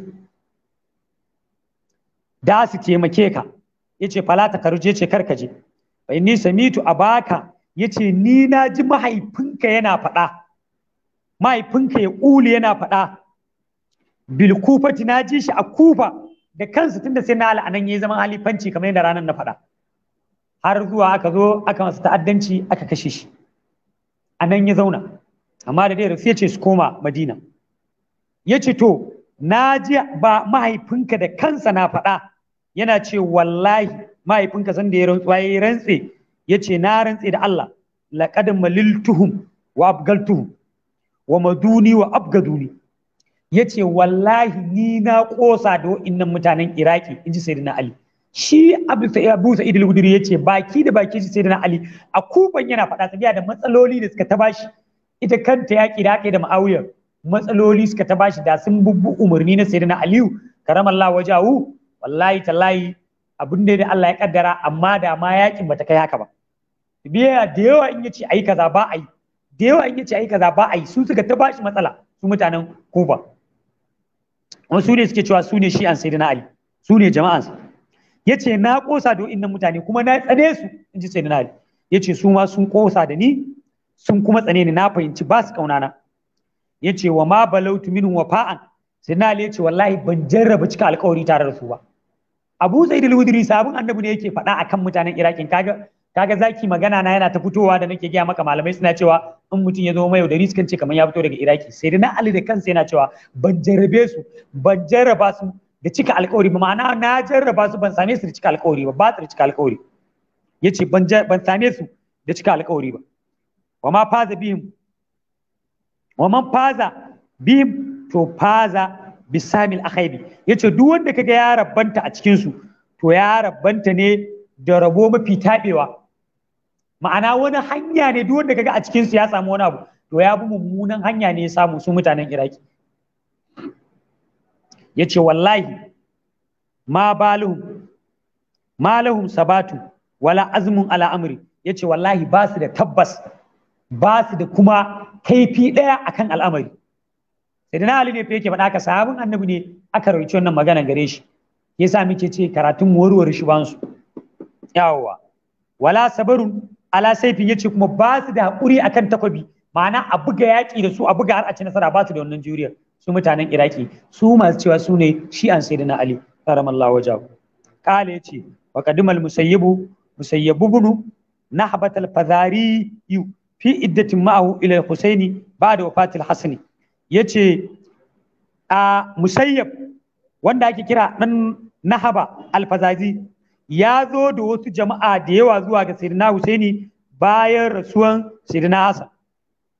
da su taimake ka yace falata ruje ce kar ka je bai ni samitu abaka yace ni na ji mahaifinka yana faɗa mahaifinka ya ƙuli yana faɗa Bilkufati na ji shi a kufa da kansa tunda sai na al'anan yayi zaman halifanci kamar yadda ranar na faɗa har zuwa aka zo aka masa ta'addanci aka kashe shi a nan ya zauna amma da dai rasu ya ce su koma madina ya ce to na ji ba mahaifinka da kansa na faɗa yana ce wallahi mahaifinka san da ya rantsuwa ya rantse ya ce na rantse da Allah laqad maliltuhum wa abgaltuhum wa maduni wa abgaduni ya ce wallahi ni na ƙosa da wa'innan mutanen iraki in ji sayyidina ali shi abu sa'id al-hudri ya ce baki da baki shi sayyidina ali a kuban yana faɗa sabiya da matsaloli da suka ta bashi ita kanta yaƙi da aka da ma'auyar matsaloli suka ta bashi da sun bubbu umarni na sayyidina aliyu karamallahu wajahu wallahi tallahi abin da Allah ya kaddara amma da ma yakin bata kai haka ba biya da yawa in yace ayi kaza ba ayi da yawa in yace ayi kaza ba ayi su suka ta bashi matsala su mutanen Kuba kuma su ne suke cewa su ne shi'an sai na Ali su ne jama'ansa ya ce na kosa da wa'innan mutane kuma na tsane su in ji sai na Ali ya su ma sun kosa da ni sun kuma tsane ni na fahimci ba su ƙauna na ya wa ma balautu min wafa'an sai na Ali ya ce wallahi ban jarraba cika alƙawari tare da su ba Abu Zaid al-Hudri sabon annabi ne yake faɗa akan mutanen Irakin kaga kaga zaki magana na yana ta fitowa da nake gaya maka malamai suna cewa in mutum ya zo mai da riskan ce kamar ya fito daga iraki sai da na ali da kansa yana cewa ban jarrabe su ban jarraba su da cika alkawari ba ma'ana na jarraba su ban same su da cika alkawari ba ba su da cika alkawari yace ban ban same su da cika alkawari ba wa ma faza bihim wa man faza bihim to faza bisamil akhaibi yace duk wanda kaga ya rabbanta a cikin su to ya rabbanta ne da rabo mafi tabewa ma'ana wani hanya ne duk wanda kaga a cikin su ya samu wani abu to ya bi mummunan hanya ne ya samu su mutanen iraki ya ce wallahi ma baluhum ma sabatu wala azmun ala amri ya ce wallahi ba su da tabbas ba su da kuma kaifi ɗaya akan al'amari sai ali ne fa yake faɗa ka sahabin annabi ne aka rauci wannan magana gare shi yasa muke ce karatun warware shi ba su yawwa wala sabarun ala saifin yace kuma ba su da hakuri akan takobi ma'ana a buga yaƙi da su a buga har a ci nasara ba su da wannan juriyar su mutanen iraki su masu cewa su ne shi an sai na ali karamallahu wajahu kala yace wa qadimal musayyibu musayyibu bunu nahbat al-fazari fi iddatin ma'ahu ila al-husaini ba'da wafatil hasani yace a musayyab wanda ake kira dan nahaba alfazazi ya zo da wasu jama'a da yawa zuwa ga sayyidina Husaini bayan rasuwan sayyidina Hassan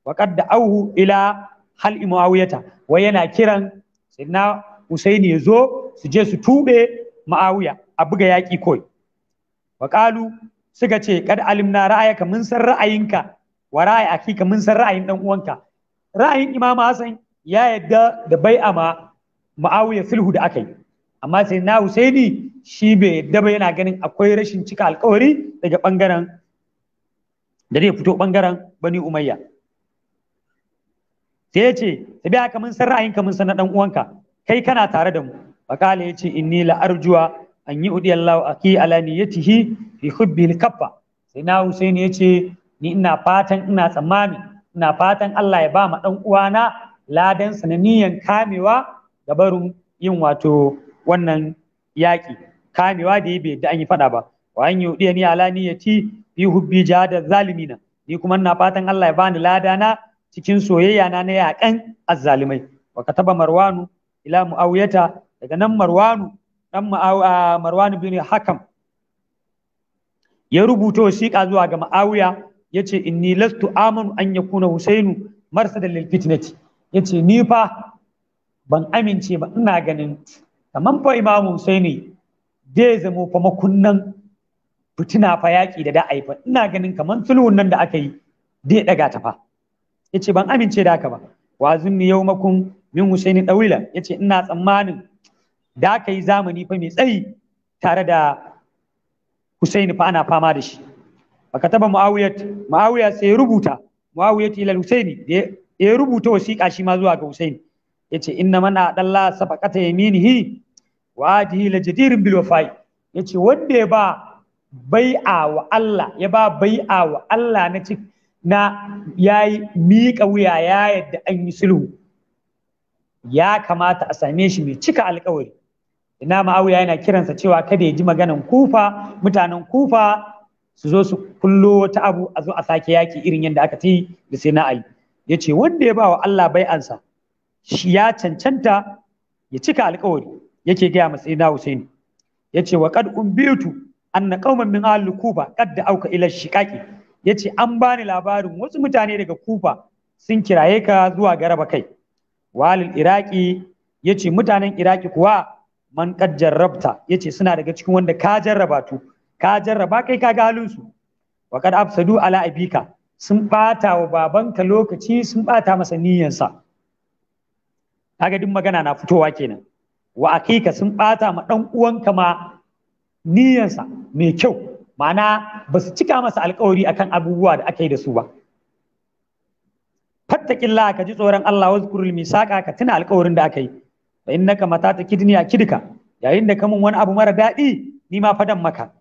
wa da auhu ila hal muawiyata wa yana kiran sayyidina Husaini ya zo su je su tube Muawiya a buga yaki koi wa qalu suka ce kad alimna ra'ayaka mun san ra'ayinka wa ra'ayi akika mun san ra'ayin dan uwanka ra'ayin Imam Hassan ya yadda da bai'a ma Muawiya sulhu da aka yi amma sai na Husaini shi bai yadda ba yana ganin akwai rashin cika alkawari daga bangaren da zai fito bangaren Bani Umayya sai ya ce tabi haka mun san ra'ayinka mun san na dan uwanka kai kana tare da mu faqala yace inni la arjuwa an yi udiyallahu aki ala niyatihi fi hubbil kaffa sai na Husaini yace ni ina fatan ina tsammani ina fatan Allah ya ba ma dan uwana ladan sananiyan kamewa da barin yin wato wannan yaƙi kamewa da ya bai yadda an yi faɗa ba wa an yi ni ala niyyati fi hubbi jihada zalimina ni kuma ina fatan Allah ya bani lada na cikin soyayya na na yaƙan azzalimai wa kataba marwanu ila muawiyata daga nan marwanu dan marwanu bin hakam ya rubuta wasiƙa zuwa ga ma'awiya ya ce inni lastu amanu an yakuna husainu marsadan lil fitnati ya ce ni fa ban amince ba ina ganin kamar fa imamu Husaini zai zamo fa makunnan fitina fa yaki da da'ai fa ina ganin kamar sulhun nan da aka yi zai ɗaga ta fa yace ban amince da haka ba wa zunni yawmakum min Husaini dawila yace ina tsammanin da aka yi zamani fa mai tsayi tare da Husaini fa ana fama da shi fakataba Muawiyat Muawiya sai ya rubuta Muawiyat ila Husaini da ya rubuta wasiƙa shi ma zuwa ga Husaini yace inna man adalla safaqata yaminihi wa la jadirin bil wafai yace wanda ya ba bai'a wa Allah ya ba bai'a wa Allah na ci na yayi miƙa wuya ya yadda an yi sulhu ya kamata a same shi mai cika alƙawari ina ma'awiya yana kiransa cewa kada ya ji maganan kufa mutanen kufa su zo su kullo ta abu a zo a sake yaki irin yadda aka ti da sai na ali ya ce wanda ya ba wa Allah bai'ansa shi ya cancanta ya cika alƙawari yake gaya ma na Hussein yace wa qad umbitu anna qauman min ahli kufa qad da auka ila shiqaqi yace an bani labarin wasu mutane daga kufa sun kiraye ka zuwa garaba kai walil iraki yace mutanen iraki kuwa man qad jarrabta yace suna daga cikin wanda ka jarraba tu ka jarraba kai ka ga halin su wa qad afsadu ala abika sun bata wa babanka lokaci sun bata masa niyyansa kaga duk magana na fitowa kenan wa akika sun bata ma dan uwanka ma niyansa mai kyau ma'ana ba su cika masa alkawari akan abubuwa da aka yi da su ba fattakillah ka ji tsoron Allah zikrul misaka ka tuna alkawarin da aka yi fa innaka matata kidniya kidka yayin da kamun wani abu mara daɗi ni ma fadan maka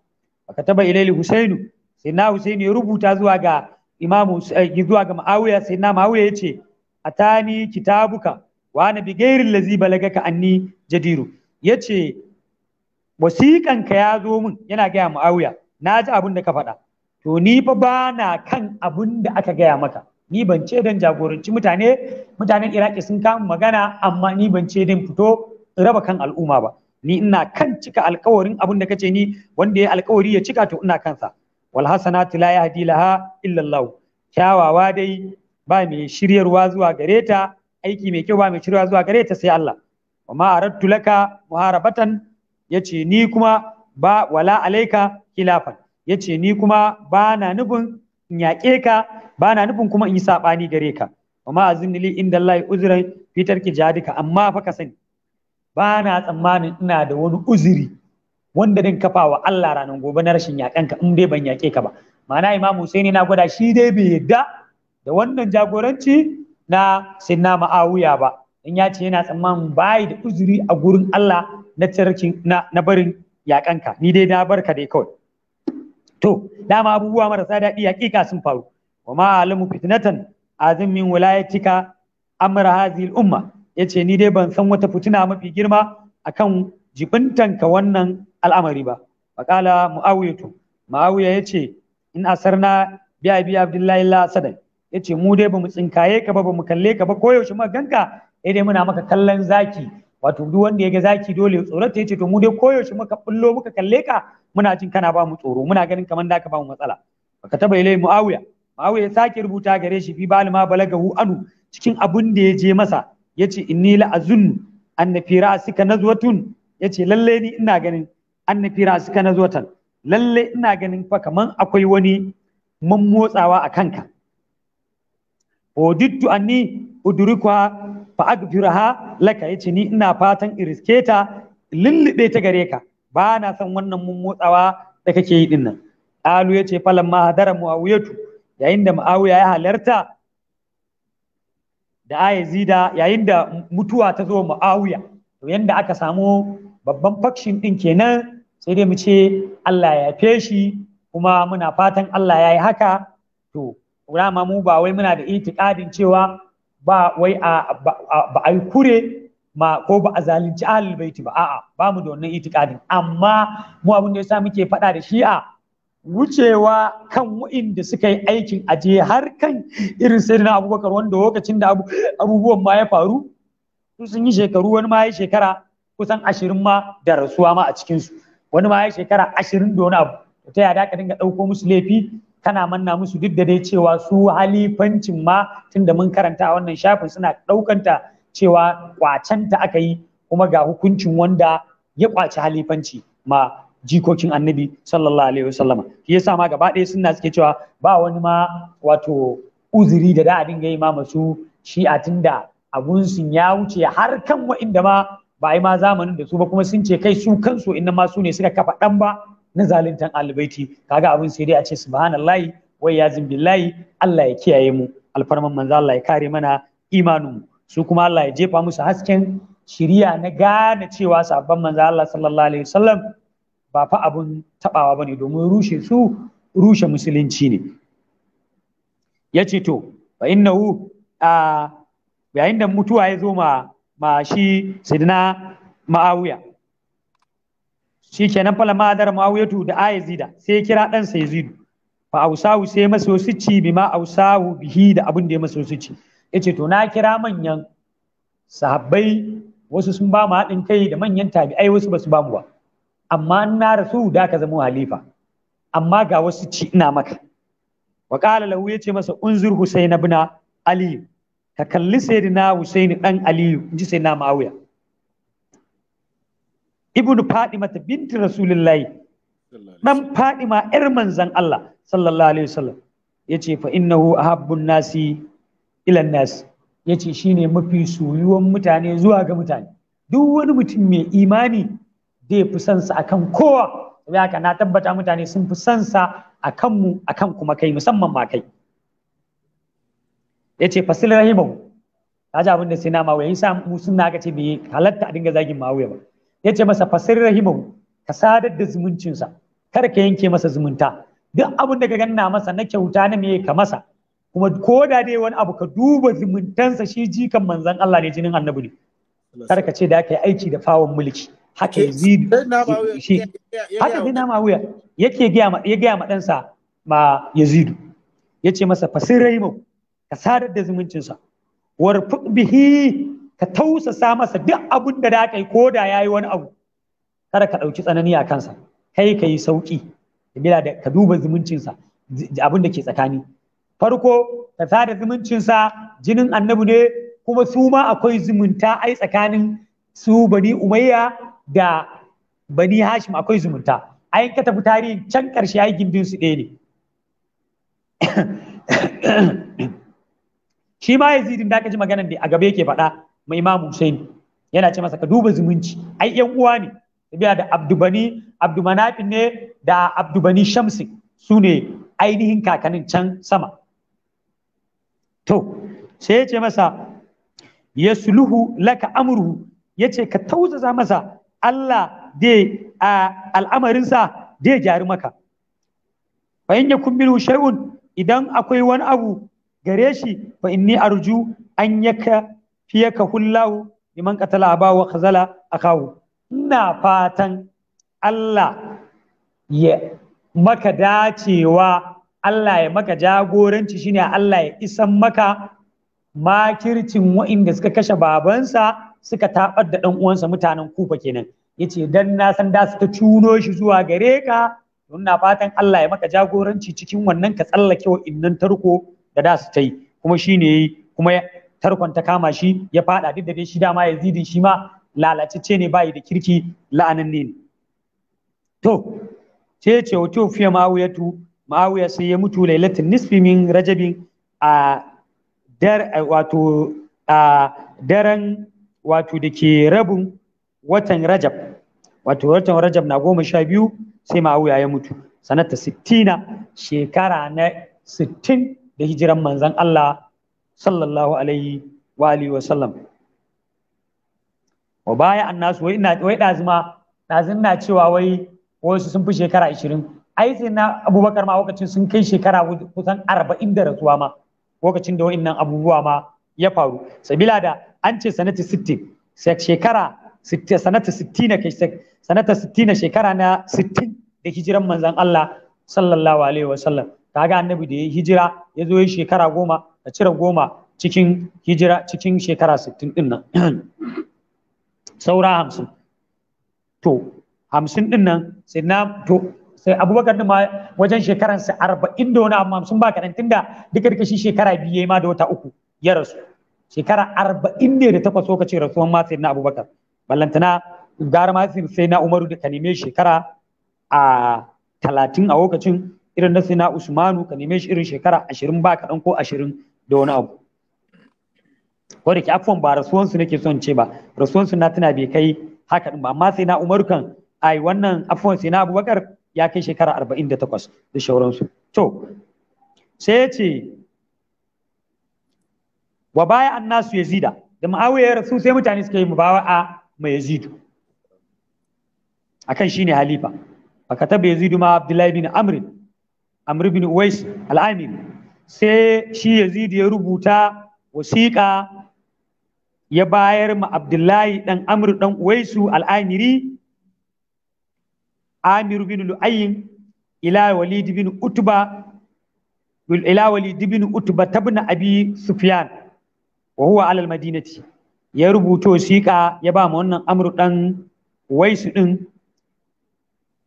aka taba ilaili husainu sai na husainu ya rubuta zuwa ga imamu eh, zuwa ga ma'awiya sai na ma'awiya yace atani kitabuka Wani bigairin bi gairin lazi balagaka anni jadiru yace wasikan ka ya zo min yana gaya muawiya na ji abin da ka faɗa to ni fa ba na kan abun da aka gaya maka ni ban ce don jagoranci mutane mutanen iraki sun kama magana amma ni ban ce don fito raba kan al'umma ba ni ina kan cika alkawarin abun da kace ni wanda ya alkawari ya cika to ina kansa wal hasanatu la yahdi laha illa Allah kyawawa dai ba mai shiryarwa zuwa gare ta aiki mai kyau ba mai shirya zuwa gare ta sai Allah wa ma aradtu laka muharabatan yace ni kuma ba wala alaika khilafan yace ni kuma ba na nufin in yaƙe ka ba na nufin kuma in yi saɓani gare ka wa ma azinni li inda Allah uzran fi tarki jadika amma fa ka sani ba na tsammanin ina da wani uzuri wanda din kafa wa Allah ranar gobe na rashin yaƙan ka in dai ban yaƙe ka ba ma'ana Imam Husaini na gwada shi dai bai yadda da wannan jagoranci na sinna ma'awuya ba in ya ce yana tsammanin bayi da uzuri a gurin Allah na tarkin na, na barin yakanka ni dai na barka dai kawai to dama abubuwa marasa daɗi hakika sun faru wa ma alamu fitnatan azim min wilayatika amra umma yace ni dai ban san wata fitina mafi girma akan ka wannan al'amari ba faqala muawiyatu muawiya yace in asarna bi abi abdullahi la sadai ya ce mu dai bamu tsinkaye ka ba bamu kalle ka ba koyaushe muka ganka eh dai muna maka kallon zaki wato duk wanda ya ga zaki dole ya tsorata ya ce to mu dai koyaushe muka bullo muka kalle ka muna jin kana ba mu tsoro muna ganin kamar da ka ba mu matsala baka taba ilai muawiya muawiya ya sake rubuta gare shi fi balima balagahu anu cikin abun da ya je masa yace inni la azun anna fi nazwatun yace lalle ni ina ganin anna fi nazwatan lalle ina ganin fa kaman akwai wani mammotsawa a kanka Odittu anni udurikwa fa laka yace ni ina fatan irisketa lullube ta gare ka ba na san wannan mun motsawa da kake yi dinnan alu yace falan ma hadara muawiyatu ya da muawiya ya halarta da aya zida yayin da mutuwa ta zo muawiya to yanda aka samu babban fakshin ɗin kenan sai dai mu ce Allah ya yafe shi kuma muna fatan Allah ya yi haka to dama mu ba wai muna da itikadin cewa ba wai a ba a kure ma ko ba a zalunci ahlul baiti ba a'a ba mu da wannan itikadin amma mu abin da yasa muke faɗa da shi'a wucewa kan wa'inda suka yi aikin aje har kan irin sayyidina abubakar wanda lokacin da abubuwan ma ya faru su sun yi shekaru wani ma ya shekara kusan ashirin ma da rasuwa ma a cikinsu wani ma ya shekara ashirin da wani abu ta yada ka dinga ɗauko musu laifi kana manna musu duk da dai cewa su halifancin ma tunda mun karanta a wannan shafin suna ɗaukanta cewa kwacenta aka yi kuma ga hukuncin wanda ya kwaci halifanci ma jikokin annabi sallallahu alaihi wasallama shi yasa ma gaba ɗaya suna suke cewa ba wani ma wato uzuri da da a dinga yi ma masu a tunda abun sun ya wuce har kan wa'inda ma ba yi ma zamanin da su ba kuma sun ce kai su kansu inna ma su ne suka kafa ɗan ba na zaluntan albaiti kaga abin sai dai a ce subhanallahi wai ya billahi Allah ya kiyaye mu alfarman manzo Allah ya kare mana imanin su kuma Allah ya jefa musu hasken shiriya na gane cewa sabon manzo Allah sallallahu alaihi wasallam ba fa abun tabawa bane domin rushe su rushe musulunci ne yace to fa innahu a yayin da mutuwa ya zo ma ma shi sidina ma'awiya shi na fala ma'adar ma'awiyatu da ayazida sai ya kira ɗansa yazidu fa ausahu sai maso su ci bima ausahu bihi da abin da ya maso su yace to na kira manyan sahabbai wasu sun ba mu haɗin kai da manyan tabi'ai wasu ba su ba mu ba amma in na rasu da ka zama halifa amma ga wasu ci ina maka wa qala lahu yace masa unzur husayn ibn ali ka kalli sayyidina husayn dan aliyu inji sayyidina muawiya ibnu Fadima ta binti Rasulullahi dan Fadima yar manzan Allah sallallahu alaihi wasallam yace fa innahu ahabbun nasi ila nas yace shine mafi soyuwan mutane zuwa ga mutane duk wani mutum mai imani zai fi son sa akan kowa sai haka na tabbata mutane sun fi son sa akan mu akan kuma kai musamman ma kai yace fasil rahimu kaji abin da sai na mawuya yasa mu sun na ce bai halatta a dinga zagin mawuya ba ya ce masa fasir rahimahu ka sadar da zumuncinsa kada ka yanke masa zumunta duk abin da ka ganna masa na kyauta na me ka masa kuma ko da dai wani abu ka duba zumuntansa shi jikan manzon Allah ne jinin annabi ne kada ka ce da ka aiki da fawon mulki haka Yazidu haka dai nama wuya yake ya gaya ma ɗansa ma yazidu Yace masa fasir rahimahu ka sadar da zumuncinsa warfuk bihi ka tausasa masa duk abin da za yi ko da yayi wani abu kada ka ɗauki tsanani a kansa kai ka yi sauƙi bila da ka duba zumuncinsa abin da ke tsakani farko ka sada zumuncinsa jinin annabi ne kuma su ma akwai zumunta ai tsakanin su bani umayya da bani hashim akwai zumunta ai ka tafi tarihin can ƙarshe ai gindin su ɗaya ne shi ma yazidin da ka ji maganar da a gaba yake faɗa mai imam Hussein yana ce masa ka duba zumunci ai yan uwa ne biya da Abdubani Abdumanafi ne da Abdubani Shamsi su ne ainihin kakanin can sama to sai ya ce masa ya suluhu laka amurhu ya ce ka tauzaza masa Allah dai al'amarinsa al'amarinsa dai gyaru maka fa in yakun minu shay'un idan akwai wani abu gare shi fa inni arju an yaka fiye ka hullahu liman qatala abawa khazala akawu ina fatan Allah ya maka dacewa Allah ya maka jagoranci shine Allah ya isan maka makircin wa'inda suka kashe babansa suka tabar da dan uwansa mutanen kufa kenan yace dan na san da su ta cuno shi zuwa gare ka ina fatan Allah ya maka jagoranci cikin wannan ka tsallake wa'innan tarko da da su ta yi kuma shine yayi kuma tarkon ta kama shi ya fada duk da dai shi dama yazidin shi ma lalacece ne bayi da kirki la'ananne ne to ce ce wa tufiya ma'awiyatu ma'awiya sai ya mutu lailatul nisfi min rajabin a dar wato a daren wato da ke rabin watan rajab wato watan rajab na goma sha biyu sai ma'awiya ya mutu sanata sittina shekara na sittin da hijiran manzan Allah sallallahu alaihi wa alihi wa sallam wa baya annasu wai ina wai dazuma dazin na cewa wai wasu sun fi shekara 20 ai sai na abubakar ma lokacin sun kai shekara kusan 40 da rasuwa ma lokacin da wa'annan abubuwa ma ya faru sabila da an ce sanata 60 shekara sanata 60 kai sanata 60 na shekara na 60 da hijiran manzon Allah sallallahu alaihi wa sallam kaga annabi da ya hijira ya zo ya shekara goma ka cire goma cikin hijira cikin shekara sittin ɗin nan saura hamsin to hamsin ɗin nan sai na to sai abubakar din ma wajen shekaransa arba'in da wani amma 50 ba kaɗan tunda duka duka shi shekara biyu ya ma da wata uku ya rasu shekara arba'in ne da takwas lokacin rasuwan ma sai na abubakar ballantana gara ma sai na umaru da ka neme shekara a talatin a lokacin irin na sai na usmanu ka neme shi irin shekara ashirin ba kaɗan ko ashirin da wani abu ko da ke afuwan ba rasuwansu nake son ce ba rasuwansu na tana bai kai haka din ba amma sai na umaru kan ai wannan afuwan sai na abubakar ya kai shekara arba'in da shauransu to sai ya ce wa baya an nasu yazida da ma'awiya ya rasu sai mutane suka yi a mai yazidu akan shine halifa fakata bai yazidu ma abdullahi bin amr amr bin uwais al-amiri sai shi yazid ya rubuta wasiƙa ya bayar ma abdullahi ɗan amr ɗan uwaisu al'amiri amir bin lu'ayin ila walid bin utba ila walid bin utba tabna abi sufyan wa huwa alal madinati ya rubuta wasiƙa ya ba ma wannan amr ɗan uwaisu ɗin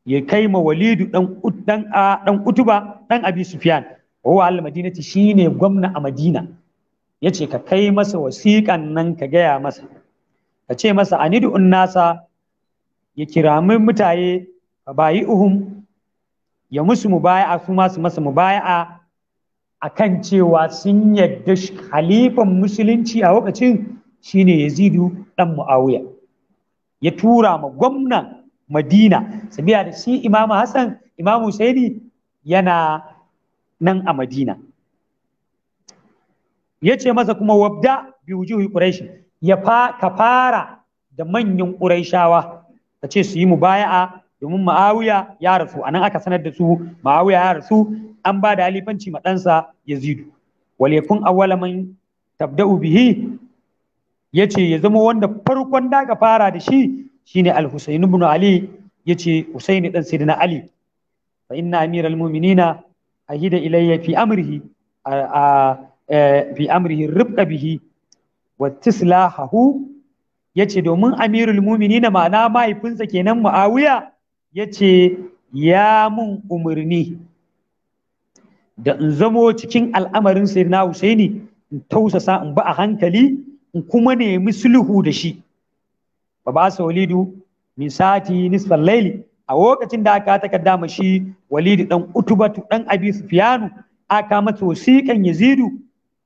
ya kai ma walidu ɗan utuba ɗan abi sufyan huwa al madinati shine gwamna a madina yace ka kai masa wasiƙan nan ka gaya masa ka ce masa anidu nasa ya kiramin mutaye ka bayi uhum ya musu mubaya'a su masu masa mubaya'a akan cewa sun yadda halifan musulunci a lokacin shine yazidu dan muawiya ya tura ma gwamnan madina sabiya da shi Imam hassan imamu saidi yana nan a Madina ya ce masa kuma wabda bi wujuhi quraish ya ka fara da manyan quraishawa ka ce su yi mubaya'a domin ma'awiya ya rasu a nan aka sanar da su ma'awiya ya rasu an ba da halifanci ma ɗansa yazidu wal yakun man tabda'u bihi yace ya zama wanda farkon da ka fara da shi shine al-husayn ibn ali yace husayn dan sayyidina ali fa inna amiral mu'minina ahida ilayya fi amrihi e, fi amrihi rubka bihi wa tislahahu yace domin amirul mu'minin ma'ana mahaifinsa kenan muawiya yace ya mun umarni da in zamo cikin al'amarin sayyidina husaini in tausasa in ba a hankali in kuma nemi sulhu da shi ba ba sa walidu min sati nisfal laili a lokacin da aka takarda ma shi walidi dan utubatu dan abi sufyanu aka masa wasiƙan yazidu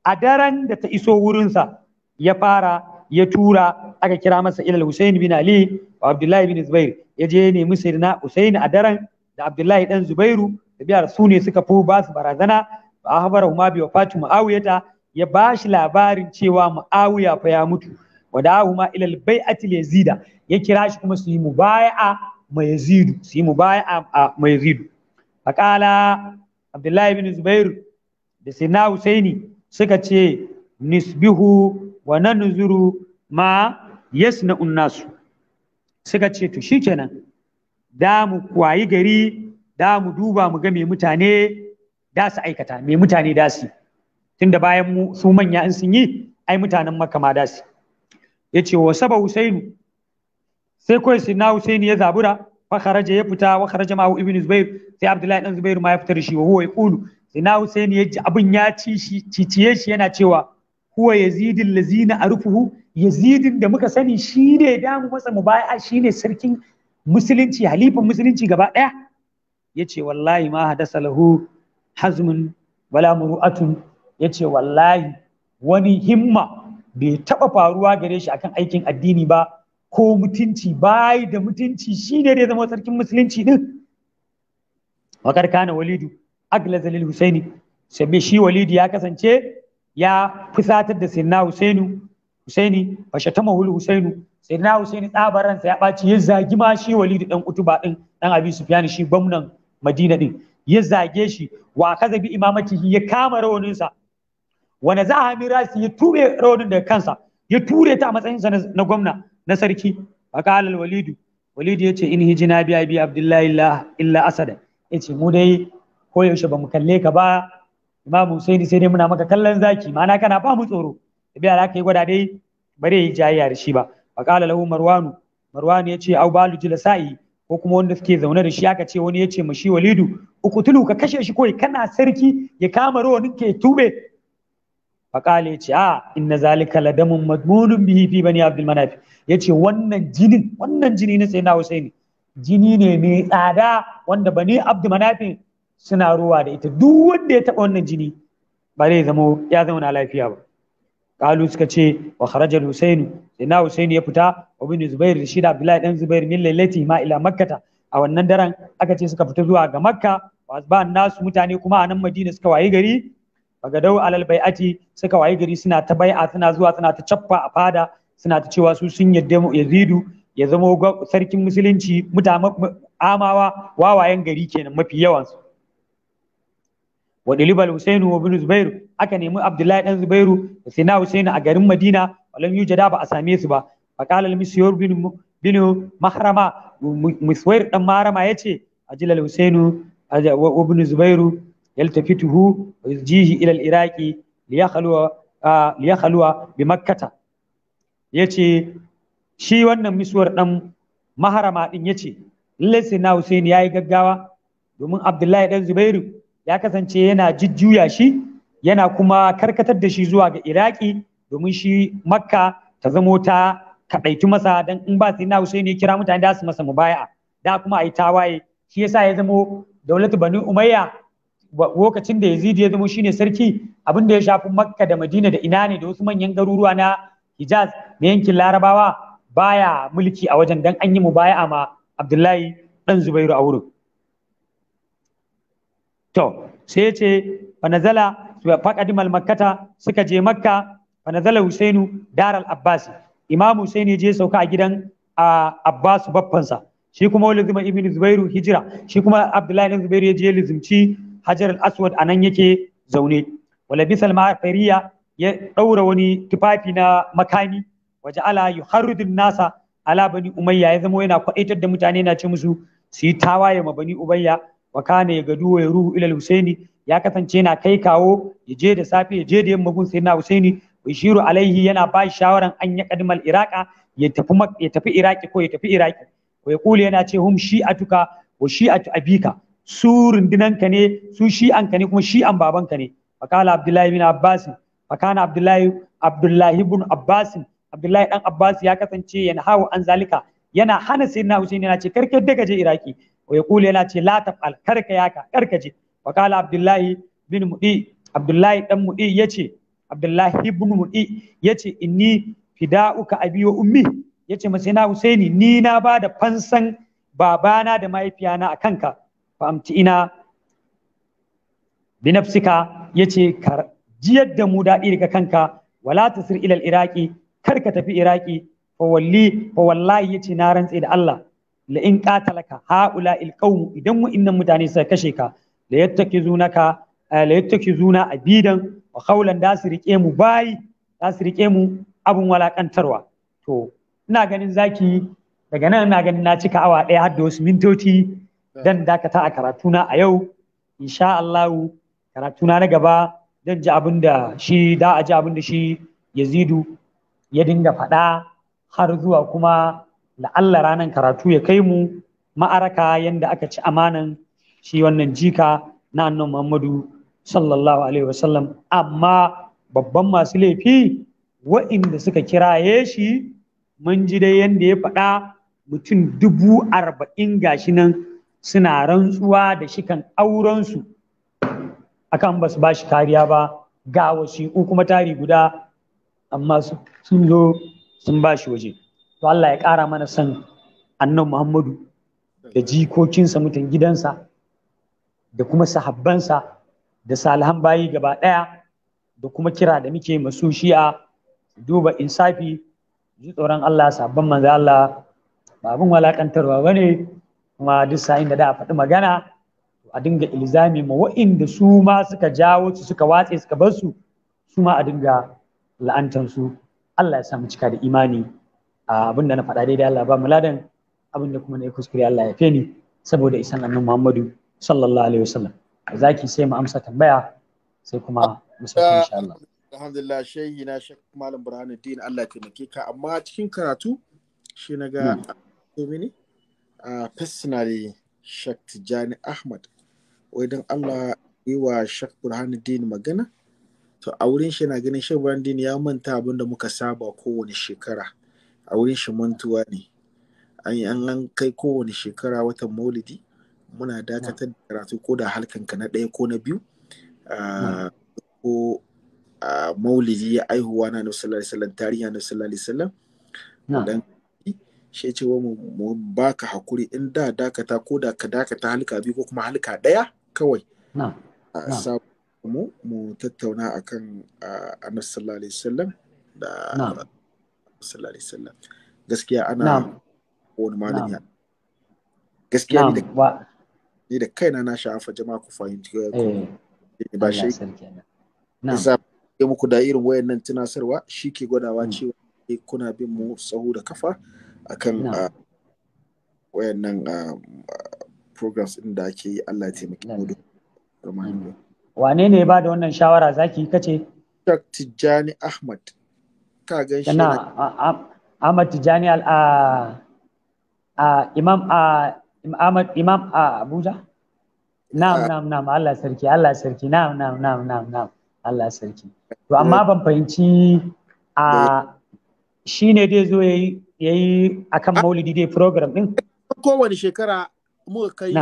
a daren da ta iso wurinsa ya fara ya tura aka kira masa ilal husaini bin ali wa abdullahi bin zubair ya je ne musirna husaini a daren da abdullahi dan zubairu da biyar su ne suka fi ba su barazana a habara ma bi wafatu muawiyata ya ba shi labarin cewa muawiya fa ya mutu wa da'ahu ma ilal bai'ati yazida ya kira shi kuma su yi mubaya'a ma Yazidu su yi a ma Yazidu faqala Abdullahi bin Zubair da Sina Husaini suka ce nisbihu wa nanzuru ma na unnasu suka ce to shikenan da mu kwayi gari da mu duba mu ga me mutane da su aikata me mutane da su tunda bayan su manya in sun yi ai mutanen makama da su yace wa saba husainu sai kawai sina Husaini ya zabura fa kharaja ya fita wa kharaja ma ibn Zubair sai Abdullahi dan Zubair ma ya fitar shi wa huwa yaqulu sina Husaini ya ji abin ya ci shi ciciye shi yana cewa huwa yazidul lazina arfuhu yazidin da muka sani shi ne damu masa shi shine sarkin musulunci halifan musulunci gaba daya yace wallahi ma hadasa lahu hazmun wala muru'atun yace wallahi wani himma bai taba faruwa gare shi akan aikin addini ba ko mutunci bai da mutunci shine da zama sarkin musulunci din wakar kana walidu Agla Zalil husaini sabbi shi walidu ya kasance ya fusatar da sayyidina husainu husaini shatama hul husainu sayyidina husaini tsabaran sa ya baci ya zagi ma shi walidu dan kutuba din dan abi sufyan shi gwamnan madina din ya zage shi wa kaza bi imamatihi ya kama rawanin sa wa nazaha mirasi ya tube rawanin da kansa ya ture ta a matsayin sa na gwamna na sarki faqala walidu walidu yace in hijina bi abi abdullahi illa asada yace mu dai ko yaushe bamu kalle ka ba imam husaini sai dai muna maka kallon zaki ma'ana kana ba mu tsoro bi ala kai gwada dai bare yi jayya da shi ba faqala lahu marwanu marwanu yace au balu jilasa'i ko kuma wanda suke zaune da shi aka ce wani yace shi walidu ukutulu ka kashe shi koi kana sarki ya kama rawanin ke tube faƙale ce a inna zalika ladamun madmunun bihi fi bani abdul manaf yace wannan jinin wannan jini na sayyidina husaini jini ne mai tsada wanda bani abdul manaf suna ruwa da ita duk wanda ya taɓa wannan jini ba zai zama ya zauna lafiya ba Ƙalu suka ce wa kharaja husainu sayyidina husaini ya fita wa bin zubair da shi da abdullahi dan zubair min lailati ma ila makkata a wannan daren aka ce suka fita zuwa ga makka wa ba nasu mutane kuma a nan madina suka wayi gari bagadau alal bai'ati suka wayi gari suna ta bai'a suna zuwa suna ta cappa a fada suna ta cewa su sun yadda yazidu ya zama sarkin musulunci mutane amawa wawayen gari kenan mafi yawansu wa dilibal husainu wa ibn zubair aka nemi abdullahi dan zubairu da sina husainu a garin madina walam yujada ba a same su ba qala al misyur bin bin mahrama miswair dan mahrama yace ajilal husainu wa ibn zubairu yaltafituhu tuhu yusjihi ilal al-iraqi liyakhaluwa bi makkata shi wannan misuwar dan maharama din yace lallai sai na Hussein yayi gaggawa domin Abdullahi dan Zubairu ya kasance yana jujjuya shi yana kuma karkatar da shi zuwa ga Iraki domin shi Makka ta zamo ta kaɗaitu masa dan in ba sai na Hussein ya kira mutane da su masa mubaya'a da kuma ayi tawaye shi yasa ya zamo daulatu Bani Umayya lokacin da Yazid ya zama shine sarki abin da ya shafi Makka da Madina da ina ne da wasu manyan garuruwa na Hijaz na yankin Larabawa baya mulki a wajen dan an yi baya ma Abdullahi dan Zubairu a wurin to sai ya ce fa nazala makkata suka je Makka fanazala nazala Husainu daral Abbas Imam Husain ya je sauka a gidan Abbas baffansa shi kuma zuma ibn Zubairu hijira shi kuma Abdullahi ibn Zubairu ya je lizimci hajar al-aswad anan yake zaune wala bisal ma'afariya ya daura wani tufafi na makami waje ala yuharridu nasa ala bani umayya ya zama yana kwaitar da mutane na ce musu su yi tawaye ma bani umayya wa kana ya gadu ya ruhu ilal husaini ya kasance yana kai kawo ya je da safe ya je da yamma gun sayyidina husaini bishiru alaihi yana ba shawaran an ya kadmal iraka ya tafi ya tafi iraki ko ya tafi iraki ko ya kula yana ce hum shi'atuka wa shi'atu abika su rundunanka ne su shi'anka ne kuma shi'an babanka ne fakala abdullahi bin abbas fakana abdullahi abdullahi bin abbas abdullahi dan abbas ya kasance yana hawo an zalika yana hana sayyidina husaini yana ce karka daga je iraki wa kula yana ce la tafal karka yaka karka je fakala abdullahi bin mudi abdullahi dan mudi yace abdullahi ibn mudi yace inni fida'uka abi wa ummi yace ma sayyidina husaini ni na bada fansan babana da mahaifiyana a kanka fa'amti ina binafsika yace ka jiyar da mu daɗi ka kanka wala tasir ilal iraki kar ka tafi iraki fa walli fa wallahi yace na rantse da Allah la in qatalaka haula il qawm idan wa'innan mutane suka kashe ka la yattakizunaka eh, la yattakizuna abidan wa qawlan da su rike mu bayi da su rike mu abun walakantarwa to ina ganin zaki daga nan ina ganin na cika awa ɗaya har da wasu mintoci dan dakata a karatuna a yau insha Allah karatuna na gaba dan ji abin da shi da a ji abin da shi Yazidu ya dinga faɗa har zuwa kuma la'alla ranar karatu ya kai mu ma'araka yanda aka ci amanan shi wannan jika na annan Muhammadu sallallahu alaihi wasallam amma babban masu laifi wa'inda suka kiraye shi mun ji dai yanda ya faɗa mutum dubu arba'in gashi nan suna rantsuwa da shi shikan aurensu akan ba su ba shi kariya ba ga wasiƙu kuma tari guda amma sun zo sun ba shi waje to Allah ya ƙara mana san annan Muhammadu da jikokinsa mutum gidansa da kuma sahabbansa da salihan bayi gaba ɗaya da kuma kira da muke masu shi'a duba insafi ji tsoron Allah sabon manzo Allah ba abin walakantarwa bane kuma duk sa'in da da a faɗi magana a dinga ilzami ma wa'inda su ma suka jawo su suka watse suka bar su su ma a dinga la'antar su Allah ya samu cika da imani abin da na faɗa daidai Allah ba muladan abin da kuma na yi kuskure Allah ya feni saboda isan annabi Muhammadu sallallahu alaihi wasallam zaki sai mu amsa tambaya sai kuma mu sauke insha Allah alhamdulillah shehi na shek malam burhanuddin Allah ya taimake ka amma cikin karatu shi na ga mini hmm. uh, personally Sheikh Tijjani Ahmad wai don Allah yi wa Sheikh Burhanuddin magana to a wurin shi na ganin Sheikh Burhanuddin ya manta abin da muka saba kowane shekara a wurin shi mantuwa ne an an kai kowane shekara watan maulidi muna dakatar da karatu ko da halkanka na ɗaya ko na biyu ko maulidi ya aihuwa na Nabi sallallahu tarihi na Nabi sallallahu shi ce wa mu baka hakuri in da dakata ko da ka dakata halka biyu ko kuma halka daya kawai a mu mu tattauna akan annabi sallallahu alaihi wasallam da sallallahu alaihi wasallam gaskiya ana wani malami gaskiya ni da ni da kaina na sha'afa jama'a ku fahimci eh, ba shi yasa muku da irin wayannan tunasarwa shi ke gwadawa hmm. cewa eh, kuna bin mu tsaho da kafa akan ah, wayannan ah, programs din da ake yi Allah ya taimaki mu da wane ne ba da wannan shawara zaki kace Dr. Tijjani Ahmad ka gan shi Ahmad Tijjani al Imam Ahmad Imam Abuja na'am ah. na'am na'am Allah sarki Allah sarki na'am na'am na'am na'am na'am Allah sarki to amma eh. ban fahimci a eh. shine dai zo yayi ya yi a kan ah. maulidi dai program ɗin? Kowane shekara muka kai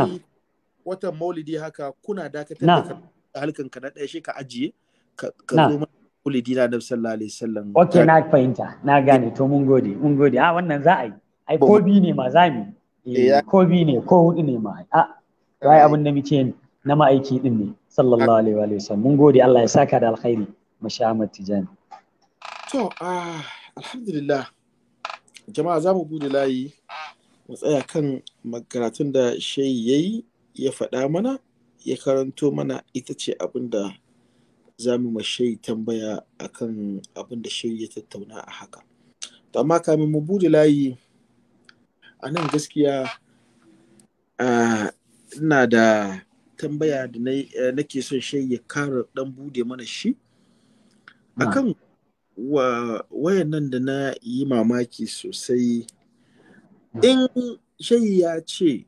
watan maulidi haka kuna dakatar da halkan ka na ɗaya shi ka ajiye ka zo maulidi na Nabi sallallahu alaihi wasallam. Ok na fahimta na gane to mun gode mun gode a ah, wannan za a yi ai ko bi ne ma za mu eh, ko bi ne ko hudu ne ma a ah, ai abin da muke ne na ma'aiki din ne sallallahu alaihi wa mun gode Allah ya saka da alkhairi mashamat tijani. To alhamdulillah jama'a za mu bude layi mu tsaya kan karatun da shayi ya yi ya faɗa mana ya karanto mana ita ce abin da za mu mashai tambaya a kan abin da shayi ya tattauna a haka to amma kamin mu bude layi a nan gaskiya ina da tambaya da eh, nake son shayi ya kara dan bude mana shi a kan. wa wayannan da na yi mamaki sosai hmm. in shayi ya ce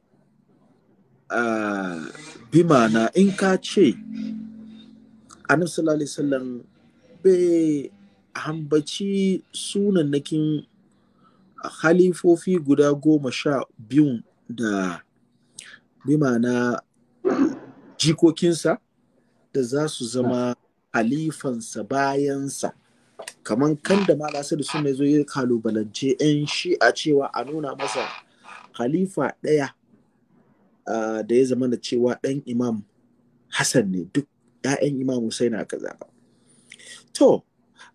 uh, ah, bima na in ka ce annabi sallallahu alaihi wasallam bai hambaci sunannakin halifofi guda goma sha biyun da bima na jikokinsa da za su zama halifansa bayansa kamar kan da lasir su ne zo ya kalubalance 'yan shi'a cewa a nuna masa khalifa ɗaya da ya zama da cewa ɗan imam hassan ne duk 'ya'yan imam Hussein aka zaba to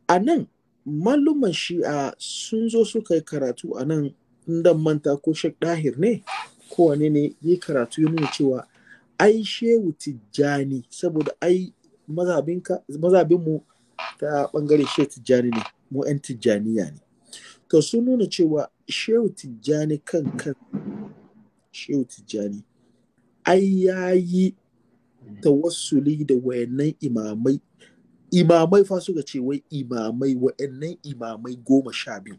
anan nan malluman shi'a sun zo suka yi karatu anan nan dan manta ko shek ɗahir ne ko wane ne yi karatu ya nuna cewa ai shehu tijjani saboda ai mazabinmu ta bangare shehu tijjani ne mu 'yan tijjaniya ne to sun nuna cewa shehu tijjani kan kan shehu tijjani ai ya yi tawassuli da wayannan imamai imamai fa suka ce wai imamai wayannan imamai goma sha biyu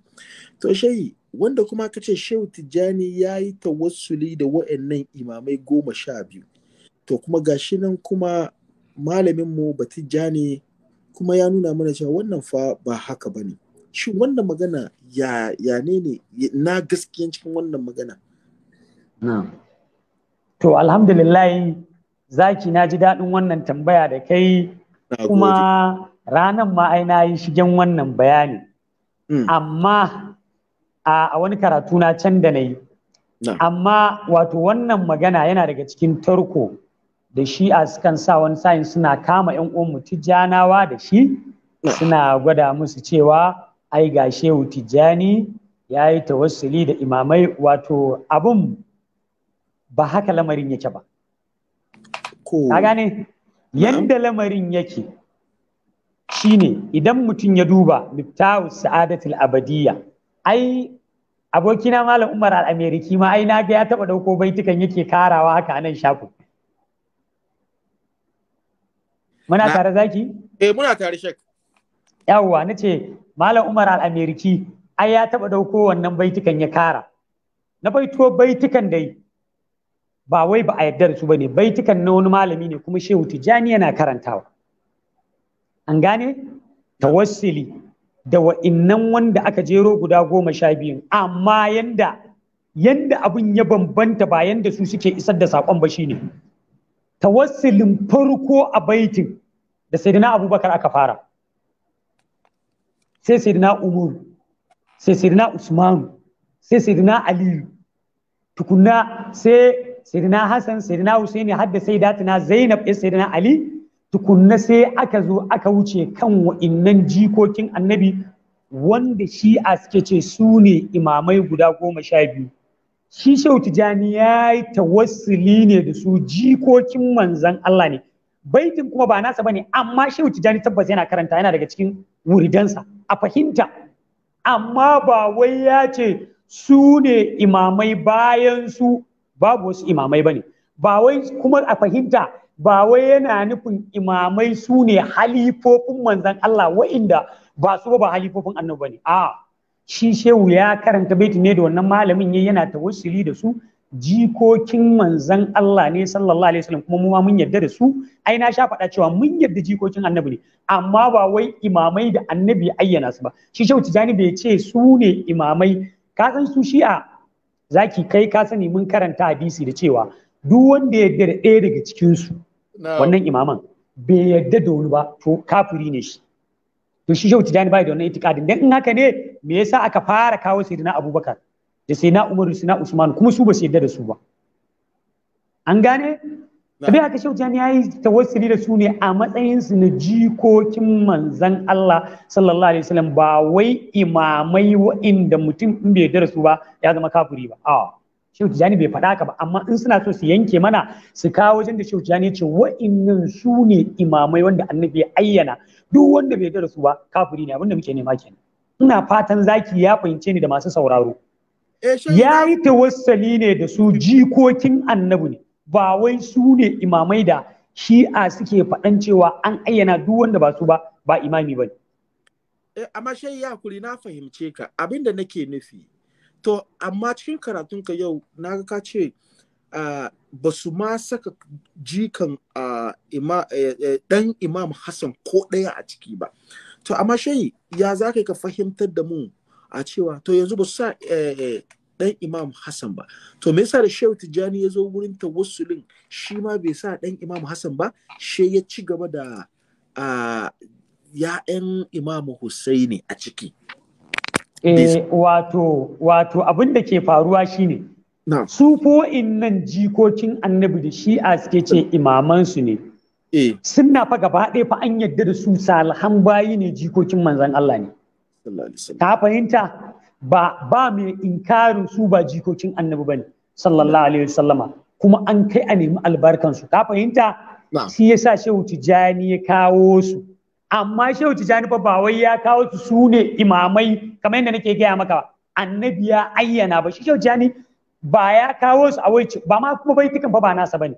to shehi wanda kuma ka ce shehu tijjani ya yi tawassuli da wayannan imamai goma sha biyu to kuma gashi nan kuma malaminmu batijjani kuma ya nuna mana cewa wannan fa ba haka ba ne shin wannan magana ya, ne ne na gaskiya cikin wannan magana to alhamdulillah zaki na ji daɗin wannan tambaya da kai kuma ranan ma ai na yi shigen wannan bayani hmm. amma a wani karatu na can da na yi amma wato wannan magana yana daga cikin tarko da shi a sukan sa wani sa'in suna kama yan mu tijjanawa da shi suna gwada musu cewa ai ga shehu tijjani ya yi tawassuli da imamai wato abun ba haka lamarin yake ba ka gane Yanda lamarin yake shine idan mutum ya duba miftahu sa'adatul Abadiya. ai abokina malam umar al-ameriki ma ai na ya taba dauko baitukan yake karawa haka nan shafin. muna tare zaki eh muna tare shek yawwa ce malam umar al-ameriki ai ya taba dauko wannan baitukan ya kara na baito baitukan dai ba wai ba a yarda da su bane baitukan na wani malami ne kuma shehu Tijjani yana karantawa an gane tawassili da wa'innan wanda aka jero guda goma sha biyun amma yanda yanda abin ya bambanta ba yanda su suke isar da saƙon ba shine tawassulin farko a baitin da sayyidina abubakar aka fara sai sayyidina umar sai sayyidina usman sai sayyidina ali tukunna sai sayyidina hasan sayyidina husaini har da sayyidatina zainab sai sayyidina ali tukunna sai aka zo aka wuce kan wa'innan jikokin annabi wanda shi'a suke ce su ne imamai guda goma sha biyu shi shehu tijani ya yi tawassuli ne da su jikokin manzan Allah ne baitin kuma ba nasa bane amma shehu tijani tabbas yana karanta yana daga cikin wuridansa a fahimta amma ba wai ya ce su ne imamai bayan su babu wasu imamai bane ba wai kuma a fahimta ba wai yana nufin imamai su ne halifofin manzan Allah wa'inda ba su ba halifofin annabi bane a'a shi shehu ya karanta baiti ne da wannan malamin ya yana ta wasili da su jikokin manzan Allah ne sallallahu alaihi wasallam kuma mu ma mun yarda da su ai na sha faɗa cewa mun yarda jikokin annabi ne amma ba wai imamai da annabi ya ayyana su ba shi shehu tijani bai ce su ne imamai ka san su shi'a zaki kai ka sani mun karanta hadisi da cewa duk wanda ya yarda da ɗaya daga cikin su wannan imaman bai yarda da wani ba to kafiri ne shi to shi shehu tijani bai da wannan itikadin dan in haka ne me yasa aka fara kawo sayyidina abubakar da sayyidina umar da sayyidina usman kuma su ba su yarda da su ba an gane tabi haka shehu tijani yayi tawassuli da su ne a matsayin su na jikokin manzan Allah sallallahu alaihi wasallam ba wai imamai wa'inda mutum in bai yadda da su ba ya zama kafiri ba a Shehu Tijani bai faɗa haka ba amma in suna so su yanke mana su kawo wajen da Shehu Tijjani ce wa'innan su ne imamai wanda annabi ya ayyana duk wanda bai da su ba kafiri ne abinda muke nema kenan ina fatan zaki ya fahimce ni da masu sauraro ya eh, yi tawassali ne da su jikokin annabi ne ba wai su ne imamai da shi'a suke faɗan cewa an ayyana duk wanda ba su ba ba imami ba ne. Eh, amma shai ya kuri na fahimce ka abin da nake nufi to amma cikin karatunka yau na ka ce ah, ba su ma saka jikan eh, eh, ɗan imam hassan ko ɗaya a ciki ba to amma shai ya za ka fahimtar da mu a cewa to yanzu ba su sa eh, ɗan imam hassan ba to me yasa da shehu tijjani ya zo wurin tawassulin shi ma bai sa ɗan imam hassan ba she ya ci gaba da ya'yan imam husaini a ciki wato wato abin da ke faruwa shine su ko innan jikokin annabi da shi'a suke ce imamansu ne eh. na fa gaba ɗaya fa an yadda da su salhan bayi ne jikokin manzan Allah ne ta fahimta ba ba mai inkarin su ba jikokin annabi bane sallallahu alaihi wasallama kuma an kai a nemi albarkansu ta fahimta shi yasa shehu tijani ya kawo su amma shehu tijani fa ba wai ya kawo su su imamai kamar yadda nake gaya maka annabi ya ayyana ba shi shehu tijani ba ya kawo su a waici ba ma kuma baitukan ba ba nasa bane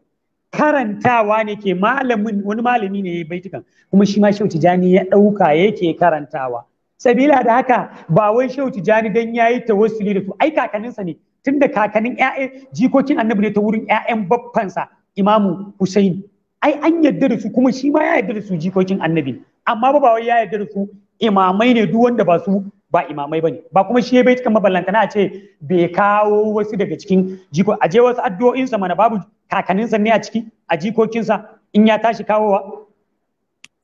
karantawa ne ke malamin wani malami ne ya baitukan kuma shi ma Shehu Tijani ya ɗauka yake karantawa sabila da haka ba wai Shehu Tijani dan yayi tawassuli da su ai kakanninsa ne tunda kakanin ƴaƴan jikokin annabi ne ta wurin ƴaƴan baffansa Imamu Hussaini. ai an yarda da su kuma shi ma ya yarda da su jikokin annabi amma ba wai ya yarda da su imamai ne duk wanda ba su ba imamai bane ba kuma shi bai cikin maballanta na ce bai kawo wasu daga cikin jiko a je wasu addu'o'insa mana babu sa ne a ciki a jikokinsa in ya tashi kawowa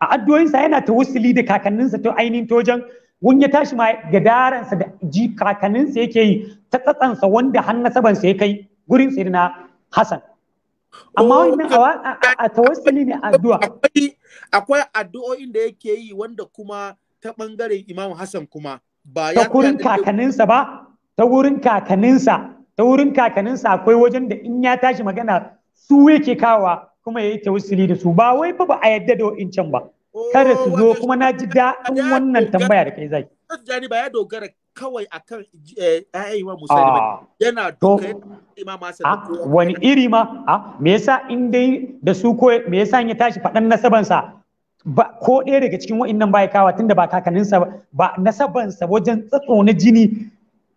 a addu'o'insa yana tawassuli da sa ta ainihin tojan wun ya tashi ma sa da ji sa yake yi ta tsatsan sa wanda har sa ya kai gurin sirina Hassan amma oh, wannan a tawassuli ne addu'a akwai addu'o'in da yake yi wanda kuma ta bangaren Imam Hassan kuma ta wurin kakaninsa ba ta wurin kakaninsa ta wurin kakaninsa akwai wajen da in ya tashi magana su yake kawa kuma ya yi tawassuli da su ba wai fa ba a yadda da wa'incan ba kada su oh, zo kuma na ji daɗin wannan tambaya da kai zai Jani ba ya dogara kawai akan ayyawa musulmi yana dogara imam ah, wani iri ma ah, me yasa in dai da su ko me yasa ya tashi faɗan nasabansa ba ko ɗaya daga cikin wa'annan bai kawa tunda ba kakanninsa ba nasabansa wajen tsatso na jini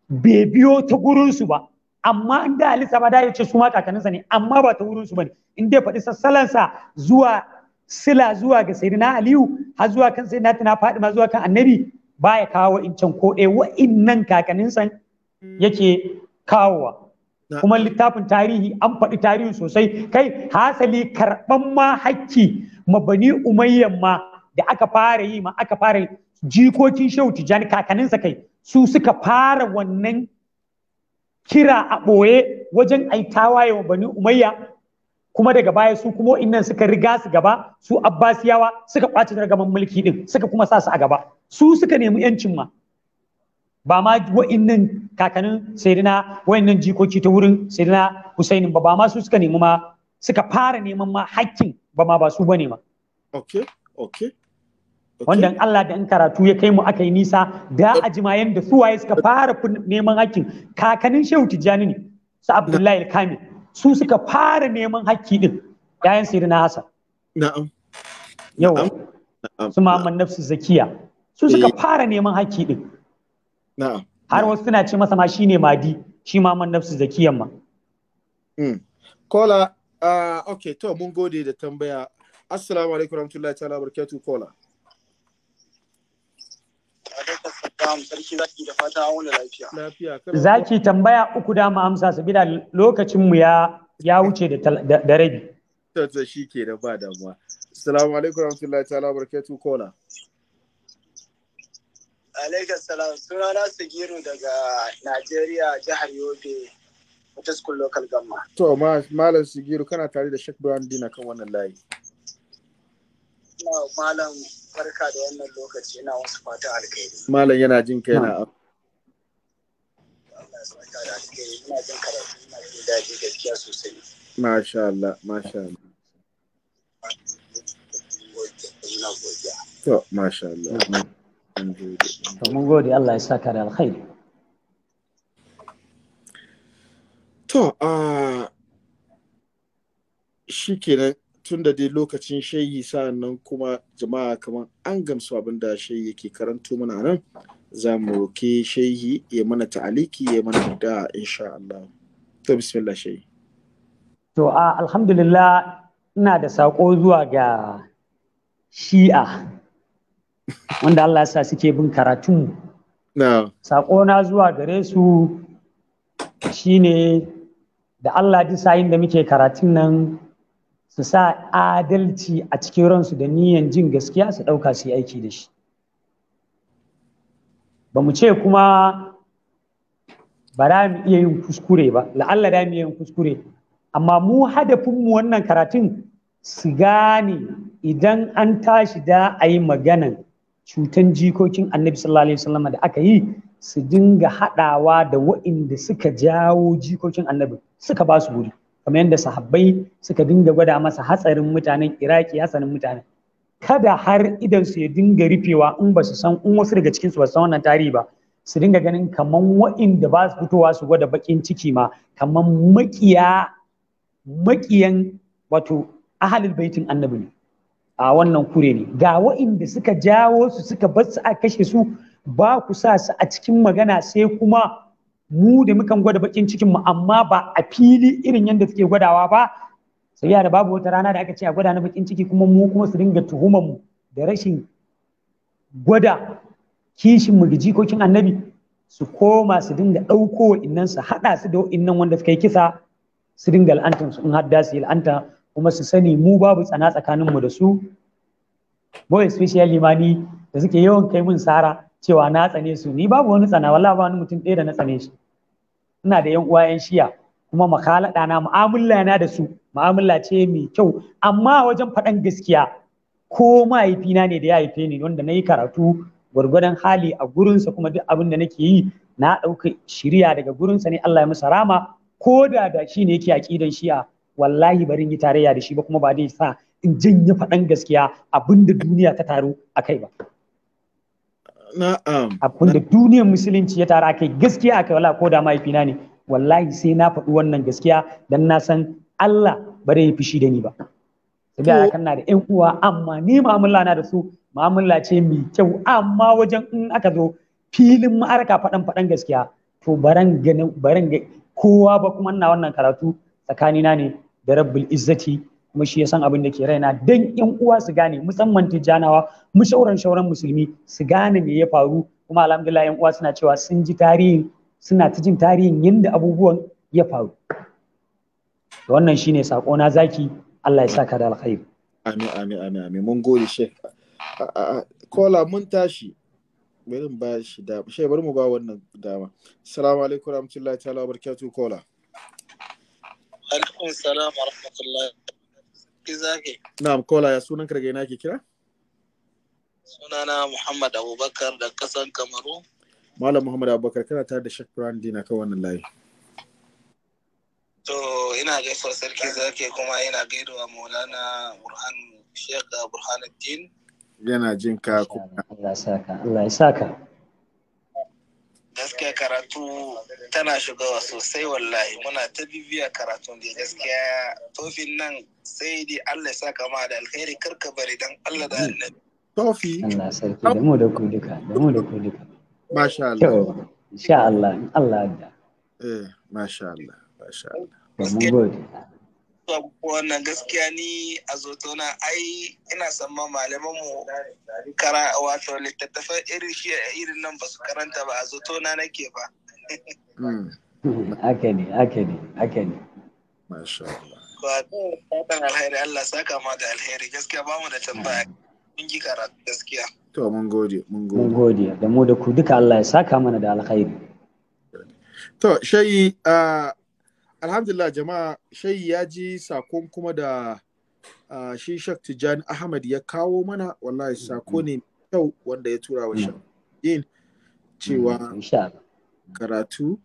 bai biyo ta gurinsu ba amma in da alisa ba ya ce su ma kakanninsa ne amma ba ta gurinsu ba ne in dai faɗi sassalansa zuwa sila zuwa ga sayyidina aliyu har zuwa kan sayyidina tana ma zuwa kan annabi baya kawo in can ko ɗaya wainnan kakanninsa yake kawowa kuma littafin tarihi an faɗi tarihi sosai kai hasali karɓan ma hakki kuma bani umayyan ma da aka fara yi ma aka fara jikokin shehu tijani kakaninsa kai su suka fara wannan kira a ɓoye wajen tawaye yawan bani umayya kuma daga baya su kuma innan suka riga su gaba su abbasiyawa suka daga ragaman mulki din suka kuma sa su a gaba su suka nemi yancin ma ba ma wa'innan kakanin sayyidina wa'innan jikoki ta wurin sayyidina husainin ba ba ma su suka nemi ma suka fara neman ma hakkin ba ma ba su bane ma okay okay wanda Allah da in karatu ya kai mu aka yi nisa da ajima yanda su waye suka fara neman hakkin kakanin Shehu Tijjani ne su Abdullahi Kami su suka fara neman hakki din yayin na Hassan na'am yau su Muhammad Nafsu Zakiya su suka eh. fara neman hakki din na'am har wasu suna ce masa ma shine Madi shi Muhammad Nafsu Zakiyan ma hmm. kola Uh, ok, to mun gode da tambaya. Assalamu alaikum warahmatullahi ta'ala barakatu kola. Zaki tambaya uku dama amsa sabida lokacin mu ya ya wuce da da rabi. Tsatsa shi ke da ba damuwa. Assalamu alaikum warahmatullahi ta'ala barakatu kola. Alaikum salam sunana Sigiru daga Najeriya jihar Yobe. ta Fataskun Local Gamma. To, Malam Sigiru kana tare da Sheikh Brown Dina kan wannan layi. Malam barka da wannan lokaci yana wasu fata alkhairi. Malam yana jin kai na Masha Allah, masha Allah. To, masha Allah. Mun gode Allah ya saka da alkhairi. To, a shi kenan tun da dai lokacin shayi sa'an nan kuma jama'a kamar an gamsu abin da shayi yake karanto mana nan za mu roke shayi ya mana ta'aliki ya mana da insha Allah. To, bismillah shayi. To, a alhamdulillah ina da saƙo zuwa ga shi'a wanda Allah sa suke bin karatunmu. Saƙo na zuwa gare su shine da Allah ji sayin da muke karatun nan su sa adalci a cikin ransu da niyan jin gaskiya su ɗauka su yi aiki da shi ba mu ce kuma ba za mu iya yin kuskure ba la'alla da mu iya yin kuskure amma mu hadafinmu wannan karatun su gane idan an tashi da a yi maganan cutan jikokin annabi sallallahu alaihi wasallam da aka yi su dinga haɗawa da wa'inda suka jawo jikokin annabi suka ba su gudu. kamar yadda sahabbai suka dinga gwada masa hatsarin mutanen iraki hatsarin mutanen kada har idan su ya dinga rufewa in ba su san in wasu daga cikin su ba san wannan tarihi ba su dinga ganin kaman wa'inda ba su fitowa su gwada bakin ciki ma kaman makiya makiyan wato ahalul baitin annabi ne a wannan kure ne ga wa'inda suka jawo su suka bar su a kashe su ba ku sa su a cikin magana sai kuma mu da mukan gwada bakin cikin mu amma ba a fili irin yadda suke gwadawa ba sai da babu wata rana da aka ce a gwada na bakin ciki kuma mu kuma su dinga tuhuman mu da rashin gwada kishin mu jikokin annabi su koma su dinga ɗauko wa'innan su haɗa su da innan wanda suka yi kisa su dinga la'antar su in hadda su yi la'anta kuma su sani mu babu tsana mu da su boy especially mani da suke yawan kai mun sara cewa na tsane su ni babu wani tsana wallahi ba wani mutum ɗaya da na tsane shi ina da yan uwa yan shiya kuma makalaɗa na mu'amala na da su mu'amala ce mai kyau amma wajen faɗan gaskiya ko mahaifina ne da ya haife ni wanda na yi karatu gwargwadon hali a gurinsa kuma duk abin da nake yi na ɗauka shirya daga gurinsa ne Allah ya masa rama ko da da shi ne yake aƙidan shiya, wallahi barin yi tarayya da shi ba kuma ba dai sa in janye faɗan gaskiya abin da duniya ta taru a kai ba Na'am. Um, Abin da duniyar musulunci ya tara kai gaskiya aka wala ko da mahaifina ne wallahi sai na faɗi wannan gaskiya dan na san Allah ba zai fishi da ni ba. Sabiya kan na da ƴan uwa amma ni mu'amala na da su mu'amala ce mai kyau amma wajen in aka zo filin ma'araka faɗan faɗan gaskiya to baran ga kowa ba kuma ina wannan karatu tsakanina ne da rabbul izzati kuma shi ya san abin da ke raina dan yan uwa su gane musamman tijjanawa mu shauran shauran musulmi su gane me ya faru kuma alhamdulillah yan uwa suna cewa sun ji tarihin suna ta jin tarihin yadda abubuwan ya faru wannan shine sako na zaki Allah ya saka da alkhairi amin amin amin amin mun gode sheikh kola mun tashi bari mu ba shi da shi? bari mu ba wannan dama assalamu alaikum warahmatullahi ta'ala wabarakatuh kola alaikum assalam warahmatullahi sarki zaki. Na'am kola ya sunan karge na ke kira? Sunana Muhammad Abubakar da kasan Kamaru. Malam Muhammad Abubakar kana tare da Sheikh Brand Dina kan wannan layi. To ina gaisuwa sarki zaki kuma ina gaidowa Maulana Burhan Sheikh Burhanuddin. Yana jin ka kuma. Allah ya saka, Allah ya saka. gaskiya karatu tana shigawa sosai wallahi muna ta bibiya karatun da gaskiya tofin nan sai dai Allah ya saka ma da alkhairi karka bari dan Allah da annabi tofi Allah sarki da mu da ku duka da mu da ku duka masha Allah insha Allah Allah da eh masha Allah masha Allah mun gode wannan gaskiya ni a zotona ai ina samma malaman mu kara wato littattafan irin shi irin nan ba su karanta ba a zotona nake ba hmm. ake ne ake ne ake ne masha Allah ba alheri Allah saka ma da alheri gaskiya ba mu da tambaya mun ji karatu gaskiya to mun gode mun gode mun gode da mu da ku duka Allah ya saka mana da alheri to shayi a alhamdulillah jama'a shai ya ji sakon kuma da uh, shi shak tijjani ahmad ya kawo mana wallahi sako ne kyau wanda ya tura wa shak cewa mm, karatu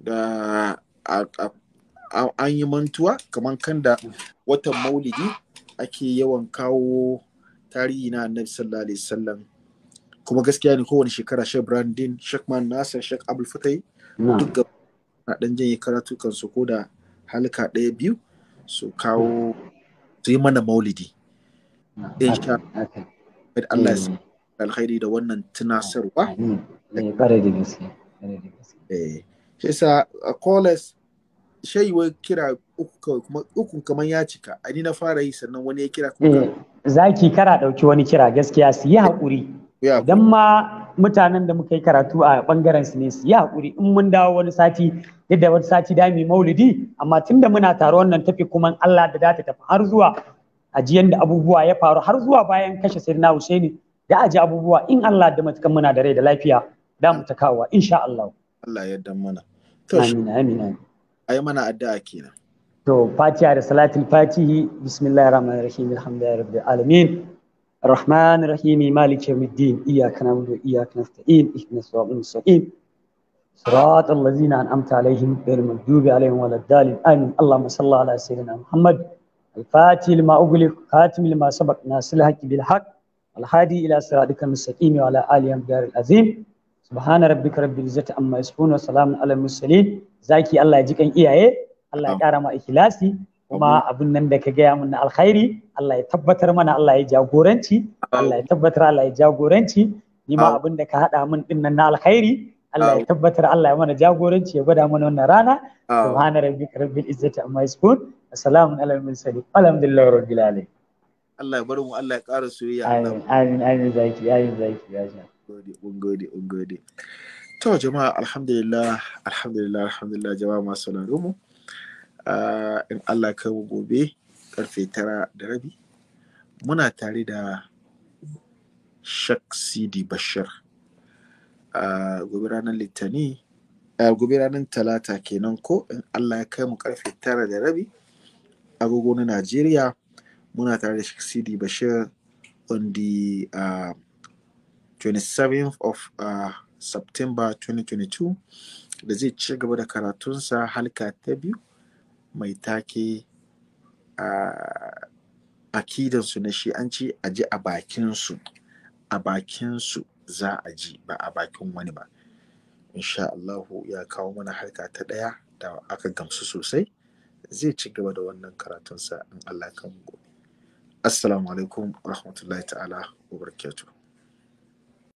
da an yi mantuwa kamar kan da watan maulidi ake yawan kawo tarihi na annabi sallallahu alaihi wasallam kuma gaskiya ne kowane shekara shek brandin shek man shak shek abul fatai duk na ɗan janye karatukan su ko da halka ɗaya biyu su kawo su yi mana maulidi mm. insha Allah ya eh. alkhairi da wannan tunasarwa eh, eh shi sa a college shai wai kira uku kuma uku kamar ya cika a ni na fara yi sannan wani ya kira kuma eh, zaki kara dauki wani kira gaskiya su yi haƙuri don ma mutanen da muka yi karatu a bangaren su ne su yi hakuri in mun dawo wani sati yadda wani sati da mai maulidi amma tunda muna taro wannan tafi kuma Allah da ta tafi har zuwa ajiyan da abubuwa ya faru har zuwa bayan kashe sirna Husaini da aji abubuwa in Allah da matukan muna da rai da lafiya da mu ta kawo insha Allah Allah ya yarda mana to amin amin ayi mana addu'a kenan to fatiha da salatul fatihi bismillahir rahmanir rahim alhamdulillahi rabbil alamin الرحمن الرحيم مالك يوم الدين إياك نعبد وإياك نستعين اهدنا الصراط المستقيم صراط الذين أنعمت عليهم غير المغضوب عليهم ولا الضالين آمين اللهم صل على سيدنا محمد الفاتح لما أغلق خاتم لما سبق ناصر الحق بالحق الهادي إلى صراطك المستقيم وعلى آله أمدار العظيم سبحان ربك رب العزة عما يصفون وسلام على المرسلين زاكي الله يجيك إياه الله يكرم إخلاصي kuma abin nan da ka gaya mun alkhairi Allah ya tabbatar mana Allah ya jagoranci Allah ya tabbatar Allah ya jagoranci ni ma abin da ka haɗa mun din nan na alkhairi Allah ya tabbatar Allah ya mana jagoranci ya gwada mana wannan rana subhana rabbika rabbil izzati amma yasifun assalamu alal mursalin alhamdulillahi rabbil alamin Allah ya bar mu Allah ya ƙara soyayya amin amin amin zaki amin zaki ya sha gode gode gode to jama'a alhamdulillah alhamdulillah alhamdulillah jama'a masu sauraro mu Ah, in Allah ka mu gobe karfe tara da rabi muna tare da Shak Sidi Bashir ah, gobe ranar litani ah, gobe ranar talata kenan ko in Allah ya kai mu karfe tara da rabi agogo na Najeriya muna tare da Shak Sidi Bashir on the uh, 27th of uh, September 2022 da zai ci gaba da karatunsa halka ta biyu mai take a akidansu na Shi'anci a ji a bakinsu a bakinsu za a ji ba a bakin wani ba insha Allahu ya kawo mana harka ta ɗaya da aka gamsu sosai zai ci gaba da wannan karatunsa in Allah kan gobe assalamu alaikum rahmatullahi ta'ala wa barakatuh